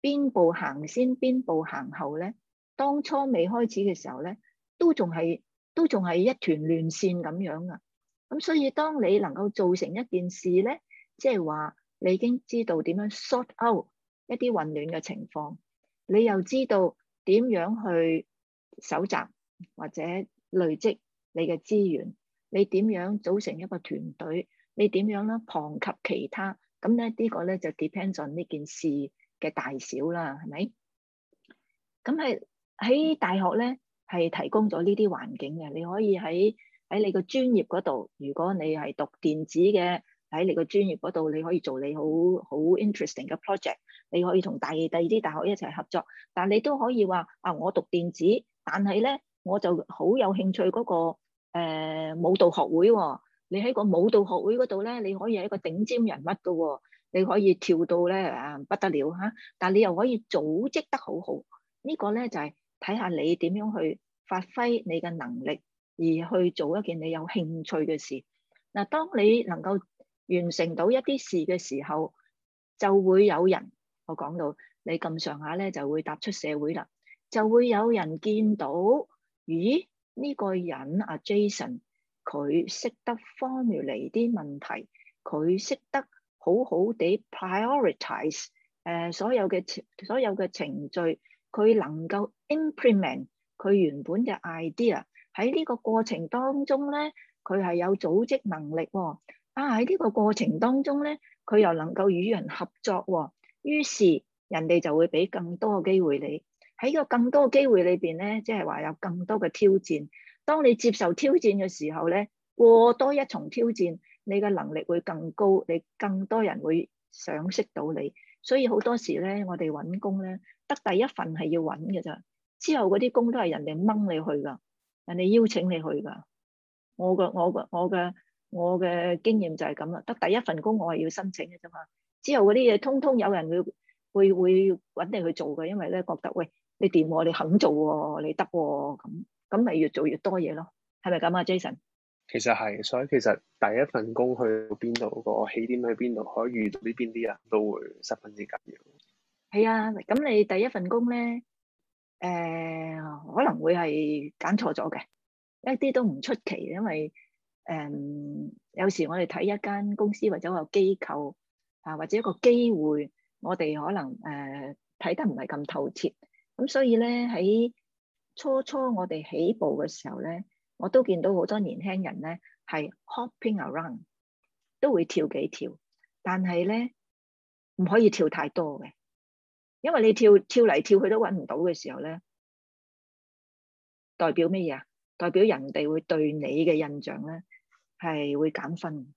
邊步行先？邊步行後咧？當初未開始嘅時候咧，都仲係都仲係一團亂線咁樣啊！咁、嗯、所以，當你能夠做成一件事咧，即係話你已經知道點樣 sort out 一啲混亂嘅情況，你又知道點樣去搜集或者累積你嘅資源，你點樣組成一個團隊，你點樣啦旁及其他，咁咧呢、呢個咧就 depends on 呢件事嘅大小啦，係咪？咁喺喺大學咧係提供咗呢啲環境嘅，你可以喺，喺你個專業嗰度，如果你係讀電子嘅，喺你個專業嗰度，你可以做你好好 interesting 嘅 project。你可以同第二第二啲大學一齊合作，但你都可以話啊、哦，我讀電子，但係咧，我就好有興趣嗰、那個呃哦、個舞蹈學會喎。你喺個舞蹈學會嗰度咧，你可以係一個頂尖人物噶喎、哦，你可以跳到咧啊不得了嚇！但係你又可以組織得好好，這個、呢個咧就係、是、睇下你點樣去發揮你嘅能力。而去做一件你有興趣嘅事。嗱，當你能夠完成到一啲事嘅時候，就會有人，我講到你咁上下咧，就會踏出社會啦，就會有人見到，咦？呢個人阿 Jason，佢識得 formulate 啲問題，佢識得好好哋 prioritize 誒所有嘅所有嘅程序，佢能夠 implement 佢原本嘅 idea。喺呢個過程當中咧，佢係有組織能力喎、哦。啊，喺呢個過程當中咧，佢又能夠與人合作喎、哦。於是人哋就會俾更多嘅機會你。喺個更多嘅機會裏邊咧，即係話有更多嘅挑戰。當你接受挑戰嘅時候咧，過多一重挑戰，你嘅能力會更高，你更多人會賞識到你。所以好多時咧，我哋揾工咧，得第一份係要揾嘅咋。之後嗰啲工都係人哋掹你去噶。人哋邀請你去噶，我個我個我嘅我嘅經驗就係咁啦。得第一份工我係要申請嘅啫嘛，之後嗰啲嘢通通有人會會會搵你去做嘅，因為咧覺得喂，你掂我、啊，你肯做喎、啊，你得喎、啊，咁咁咪越做越多嘢咯，係咪咁啊，Jason？其實係，所以其實第一份工去邊度、個起點喺邊度，可以遇到啲邊啲人都會十分之緊要。係啊，咁你第一份工咧？誒、呃、可能會係揀錯咗嘅，一啲都唔出奇，因為誒、呃、有時我哋睇一間公司或者個機構啊，或者一個機會，我哋可能誒睇、呃、得唔係咁透徹，咁所以咧喺初初我哋起步嘅時候咧，我都見到好多年輕人咧係 hopping around，都會跳幾跳，但係咧唔可以跳太多嘅。因為你跳跳嚟跳去都揾唔到嘅時候咧，代表乜嘢啊？代表人哋會對你嘅印象咧係會減分，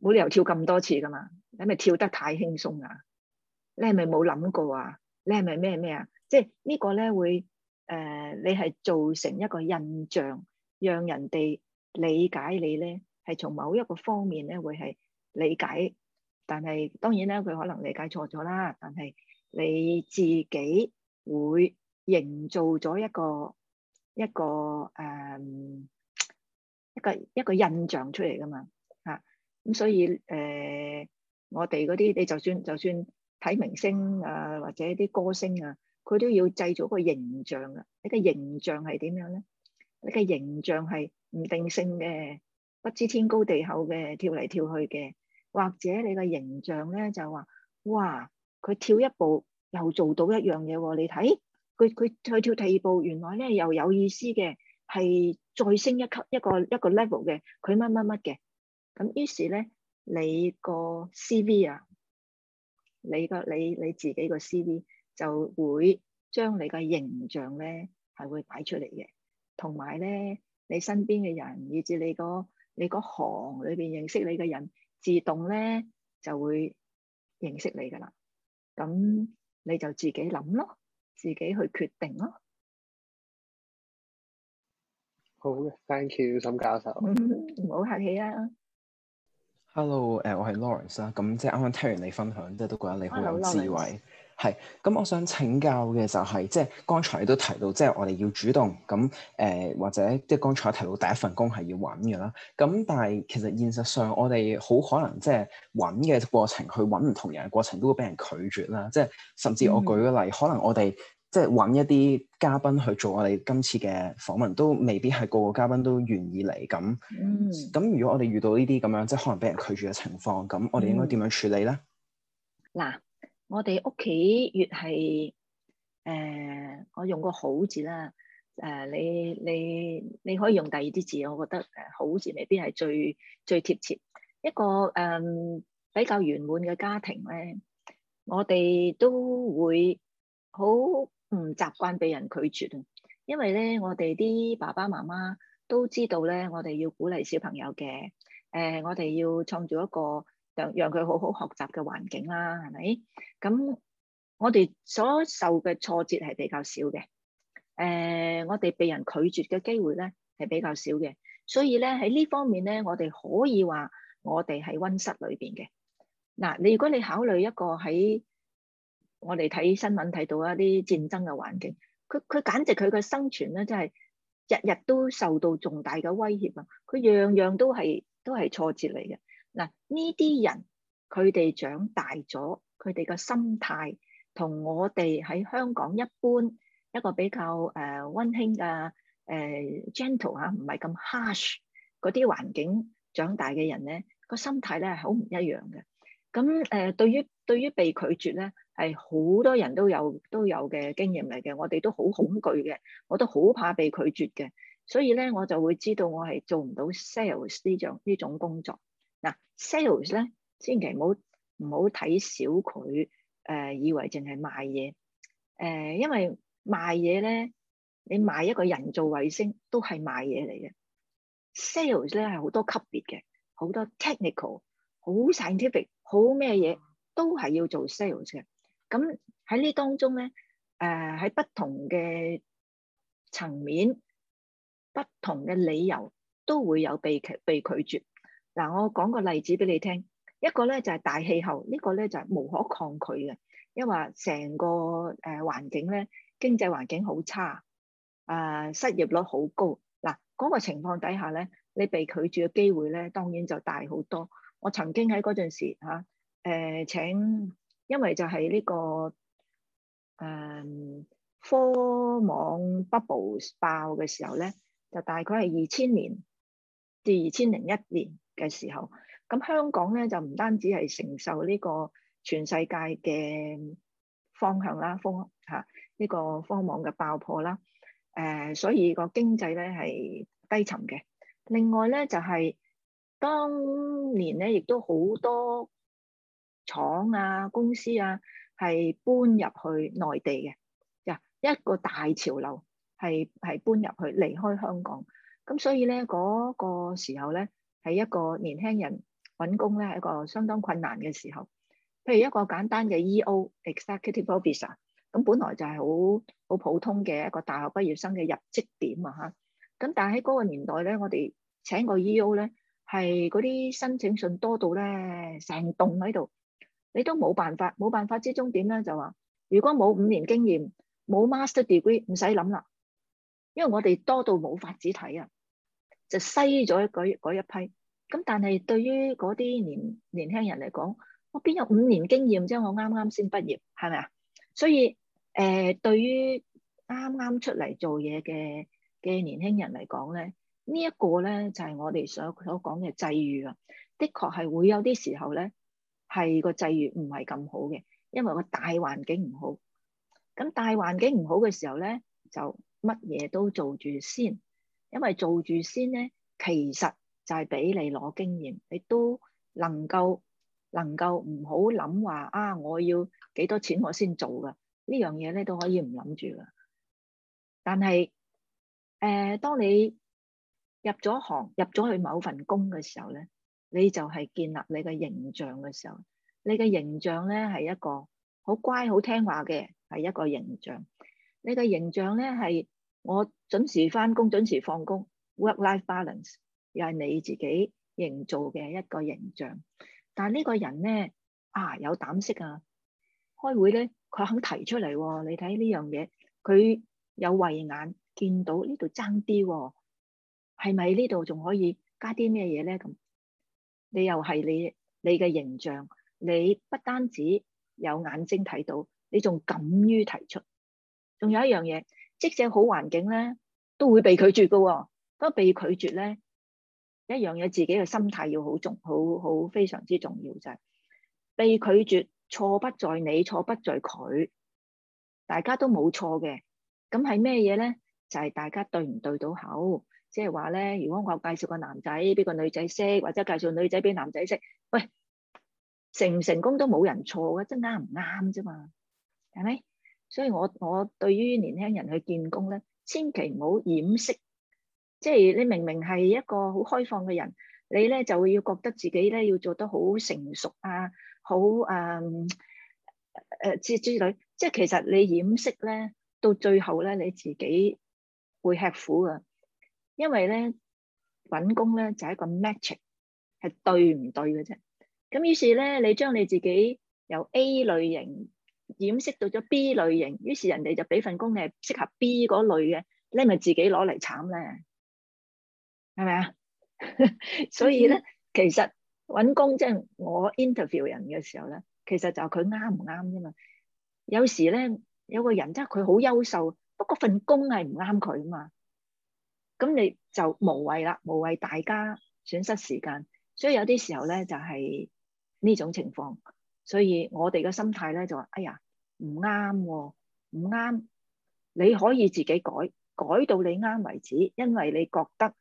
冇理由跳咁多次噶嘛？你係咪跳得太輕鬆啊？你係咪冇諗過啊？你係咪咩咩啊？即係呢個咧會誒，你係造成一個印象，讓人哋理解你咧，係從某一個方面咧會係理解，但係當然咧佢可能理解錯咗啦，但係。你自己會營造咗一個一個誒、嗯、一個一個印象出嚟噶嘛，嚇咁、啊、所以誒、呃、我哋嗰啲，你就算就算睇明星啊或者啲歌星啊，佢都要製造個形象噶。你個形象係點樣咧？你個形象係唔定性嘅，不知天高地厚嘅，跳嚟跳去嘅，或者你個形象咧就話哇～佢跳一步又做到一樣嘢喎，你睇佢佢再跳第二步，原來咧又有意思嘅，係再升一級一個一個 level 嘅，佢乜乜乜嘅，咁於是咧你個 CV 啊，你個你你自己個 CV 就會將你個形象咧係會擺出嚟嘅，同埋咧你身邊嘅人，以至你個你個行裏邊認識你嘅人，自動咧就會認識你噶啦。咁你就自己諗咯，自己去決定咯。好嘅，Thank you，沈教授，唔好客氣啦。Hello，誒，我係 Lawrence 啦。咁即係啱啱聽完你分享，即係都覺得你好有智慧。係，咁我想請教嘅就係、是，即係剛才你都提到，即係我哋要主動，咁誒、呃、或者即係剛才提到第一份工係要揾嘅啦。咁但係其實現實上，我哋好可能即係揾嘅過程，去揾唔同人嘅過程都會俾人拒絕啦。即係甚至我舉個例，嗯、可能我哋即係揾一啲嘉賓去做我哋今次嘅訪問，都未必係個個嘉賓都願意嚟咁、嗯嗯。嗯。咁如果我哋遇到呢啲咁樣，即係可能俾人拒絕嘅情況，咁我哋應該點樣處理咧？嗱。我哋屋企越係誒、呃，我用個好字啦。誒、呃，你你你可以用第二啲字，我覺得誒好字未必係最最貼切。一個誒、嗯、比較圓滿嘅家庭咧，我哋都會好唔習慣畀人拒絕，因為咧，我哋啲爸爸媽媽都知道咧，我哋要鼓勵小朋友嘅。誒、呃，我哋要創造一個，讓佢好好學習嘅環境啦，係咪？咁我哋所受嘅挫折係比較少嘅。誒、呃，我哋被人拒絕嘅機會咧係比較少嘅，所以咧喺呢方面咧，我哋可以話我哋喺温室裏邊嘅。嗱，你如果你考慮一個喺我哋睇新聞睇到一啲戰爭嘅環境，佢佢簡直佢嘅生存咧，真係日日都受到重大嘅威脅啊！佢樣樣都係都係挫折嚟嘅。嗱，呢啲人佢哋長大咗，佢哋個心態同我哋喺香港一般一個比較誒温馨嘅誒、呃、gentle 吓、啊，唔係咁 harsh 嗰啲環境長大嘅人咧，個心態咧係好唔一樣嘅。咁誒、呃，對於對於被拒絕咧，係好多人都有都有嘅經驗嚟嘅。我哋都好恐懼嘅，我都好怕被拒絕嘅，所以咧我就會知道我係做唔到 sales 呢種呢種工作。嗱，sales 咧千祈唔好唔好睇少佢，誒、呃，以為淨係賣嘢，誒、呃，因為賣嘢咧，你賣一個人造衛星都係賣嘢嚟嘅。sales 咧係好多級別嘅，好多 technical，好 scientific，好咩嘢都係要做 sales 嘅。咁喺呢當中咧，誒、呃、喺不同嘅層面，不同嘅理由都會有被拒被拒絕。嗱，我講個例子俾你聽。一個咧就係、是、大氣候，個呢個咧就係、是、無可抗拒嘅，因為成個誒環境咧，經濟環境好差，誒、呃、失業率好高。嗱，嗰、那個情況底下咧，你被拒絕嘅機會咧，當然就大好多。我曾經喺嗰陣時嚇誒、啊呃、請，因為就係呢、這個誒、呃、科網 bubble 爆嘅時候咧，就大概係二千年至二千零一年嘅時候，咁香港咧就唔單止係承受呢個全世界嘅方向啦、風嚇呢個科網嘅爆破啦，誒、呃，所以個經濟咧係低沉嘅。另外咧就係、是、當年咧亦都好多廠啊、公司啊係搬入去內地嘅，呀一個大潮流係係搬入去離開香港，咁所以咧嗰、那個時候咧。喺一個年輕人揾工咧，係一個相當困難嘅時候。譬如一個簡單嘅 E.O. Executive Officer，咁本來就係好好普通嘅一個大學畢業生嘅入職點啊，嚇。咁但係喺嗰個年代咧，我哋請個 E.O. 咧，係嗰啲申請信多到咧成棟喺度，你都冇辦法，冇辦法之中點咧就話，如果冇五年經驗，冇 Master Degree，唔使諗啦，因為我哋多到冇法子睇啊。就篩咗嗰一批，咁但係對於嗰啲年年輕人嚟講，我邊有五年經驗啫？我啱啱先畢業，係咪啊？所以誒、呃，對於啱啱出嚟做嘢嘅嘅年輕人嚟講咧，呢一個咧就係我哋所所講嘅際遇啊。的確係、這個就是、會有啲時候咧，係個際遇唔係咁好嘅，因為個大環境唔好。咁大環境唔好嘅時候咧，就乜嘢都做住先。因為做住先咧，其實就係俾你攞經驗，你都能夠能夠唔好諗話啊，我要幾多錢我先做噶，呢樣嘢咧都可以唔諗住噶但係誒、呃，當你入咗行，入咗去某份工嘅時候咧，你就係建立你嘅形象嘅時候，你嘅形象咧係一個好乖、好聽話嘅，係一個形象。你嘅形象咧係。我準時翻工，準時放工，work-life balance 又係你自己營造嘅一個形象。但係呢個人咧啊，有膽識啊！開會咧，佢肯提出嚟喎，你睇呢樣嘢，佢有慧眼，見到呢度爭啲，係咪呢度仲可以加啲咩嘢咧？咁你又係你你嘅形象，你不單止有眼睛睇到，你仲敢於提出。仲有一樣嘢。即使好環境咧，都會被拒絕噶、哦。不過被拒絕咧，一樣嘢自己嘅心態要好重，好，好，非常之重要。就係被拒絕，錯不在你，錯不在佢，大家都冇錯嘅。咁係咩嘢咧？就係、是、大家對唔對到口。即係話咧，如果我介紹個男仔俾個女仔識，或者介紹女仔俾男仔識，喂，成唔成功都冇人錯嘅，即係啱唔啱啫嘛？係咪？所以我我對於年輕人去見工咧，千祈唔好掩飾，即係你明明係一個好開放嘅人，你咧就會要覺得自己咧要做得好成熟啊，好誒誒之之類。即係其實你掩飾咧，到最後咧你自己會吃苦噶，因為咧揾工咧就係、是、一個 match，係對唔對嘅啫。咁於是咧，你將你自己由 A 類型，掩飾到咗 B 類型，於是人哋就俾份工你係適合 B 嗰類嘅，你咪自己攞嚟慘咧，係咪啊？ 所以咧呢， 其實揾工即係、就是、我 interview 人嘅時候咧，其實就佢啱唔啱啫嘛。有時咧有個人即係佢好優秀，不過份工係唔啱佢啊嘛。咁你就無謂啦，無謂大家損失時間。所以有啲時候咧就係、是、呢種情況。所以我哋嘅心態咧就話：哎呀，唔啱喎，唔啱！你可以自己改，改到你啱為止。因為你覺得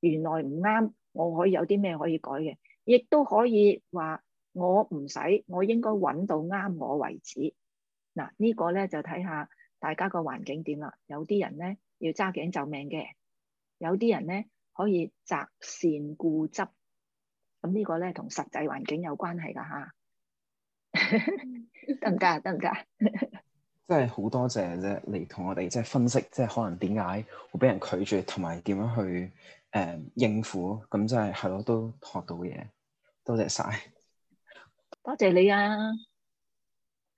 原來唔啱，我可以有啲咩可以改嘅，亦都可以話我唔使，我應該揾到啱我為止。嗱、這個、呢個咧就睇下大家個環境點啦。有啲人咧要揸頸就命嘅，有啲人咧可以擇善固執。咁呢個咧同實際環境有關係㗎嚇。得唔得？得唔得？即係好多謝啫，嚟同我哋即係分析，即係可能點解會俾人拒絕，同埋點樣去誒、嗯、應付咁，即係係咯，都學到嘢，多謝晒，多謝你啊，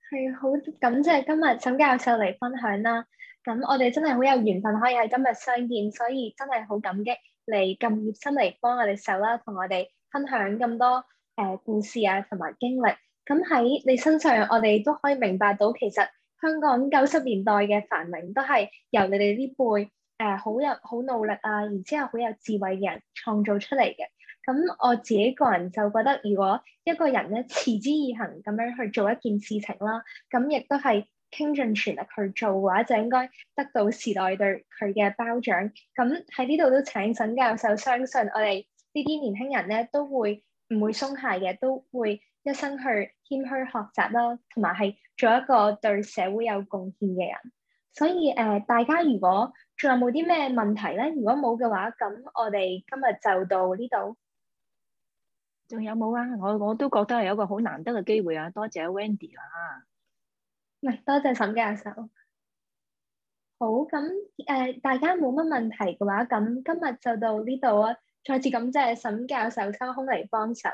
係 好感謝今日沈教授嚟分享啦。咁我哋真係好有緣分可以喺今日相見，所以真係好感激你咁熱心嚟幫我哋手啦，同我哋分享咁多誒、呃、故事啊，同埋經歷。咁喺你身上，我哋都可以明白到，其實香港九十年代嘅繁榮都係由你哋呢輩誒好、呃、有好努力啊，然之後好有智慧嘅人創造出嚟嘅。咁我自己個人就覺得，如果一個人咧持之以恒咁樣去做一件事情啦，咁亦都係傾盡全力去做嘅話，就應該得到時代對佢嘅褒獎。咁喺呢度都請沈教授相信，我哋呢啲年輕人咧都會唔會鬆懈嘅，都會。一生去謙虛學習咯，同埋係做一個對社會有貢獻嘅人。所以誒、呃，大家如果仲有冇啲咩問題咧？如果冇嘅話，咁我哋今日就到呢度。仲有冇啊？我我都覺得係有一個好難得嘅機會啊！多謝 Wendy 啊。唔係，多謝沈教授。好，咁誒、呃，大家冇乜問題嘅話，咁今日就到呢度啊！再次感謝沈教授抽空嚟幫手。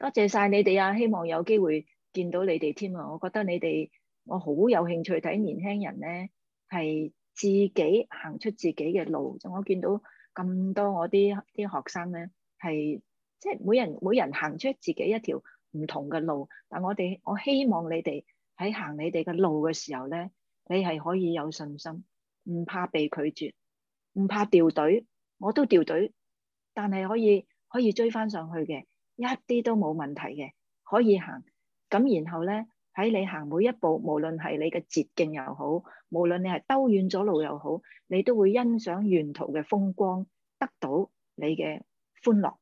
多謝晒你哋啊！希望有機會見到你哋添啊！我覺得你哋我好有興趣睇年輕人咧，係自己行出自己嘅路。我見到咁多我啲啲學生咧，係即係每人每人行出自己一條唔同嘅路。但我哋我希望你哋喺行你哋嘅路嘅時候咧，你係可以有信心，唔怕被拒絕，唔怕掉隊。我都掉隊，但係可以可以追翻上去嘅。一啲都冇問題嘅，可以行。咁然後咧，喺你行每一步，無論係你嘅捷徑又好，無論你係兜遠咗路又好，你都會欣賞沿途嘅風光，得到你嘅歡樂。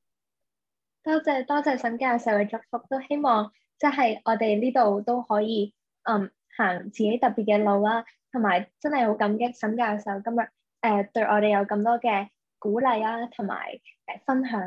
多謝多謝沈教授嘅祝福，都希望即係我哋呢度都可以嗯行自己特別嘅路啦、啊，同埋真係好感激沈教授今日誒、呃、對我哋有咁多嘅鼓勵啊，同埋誒分享。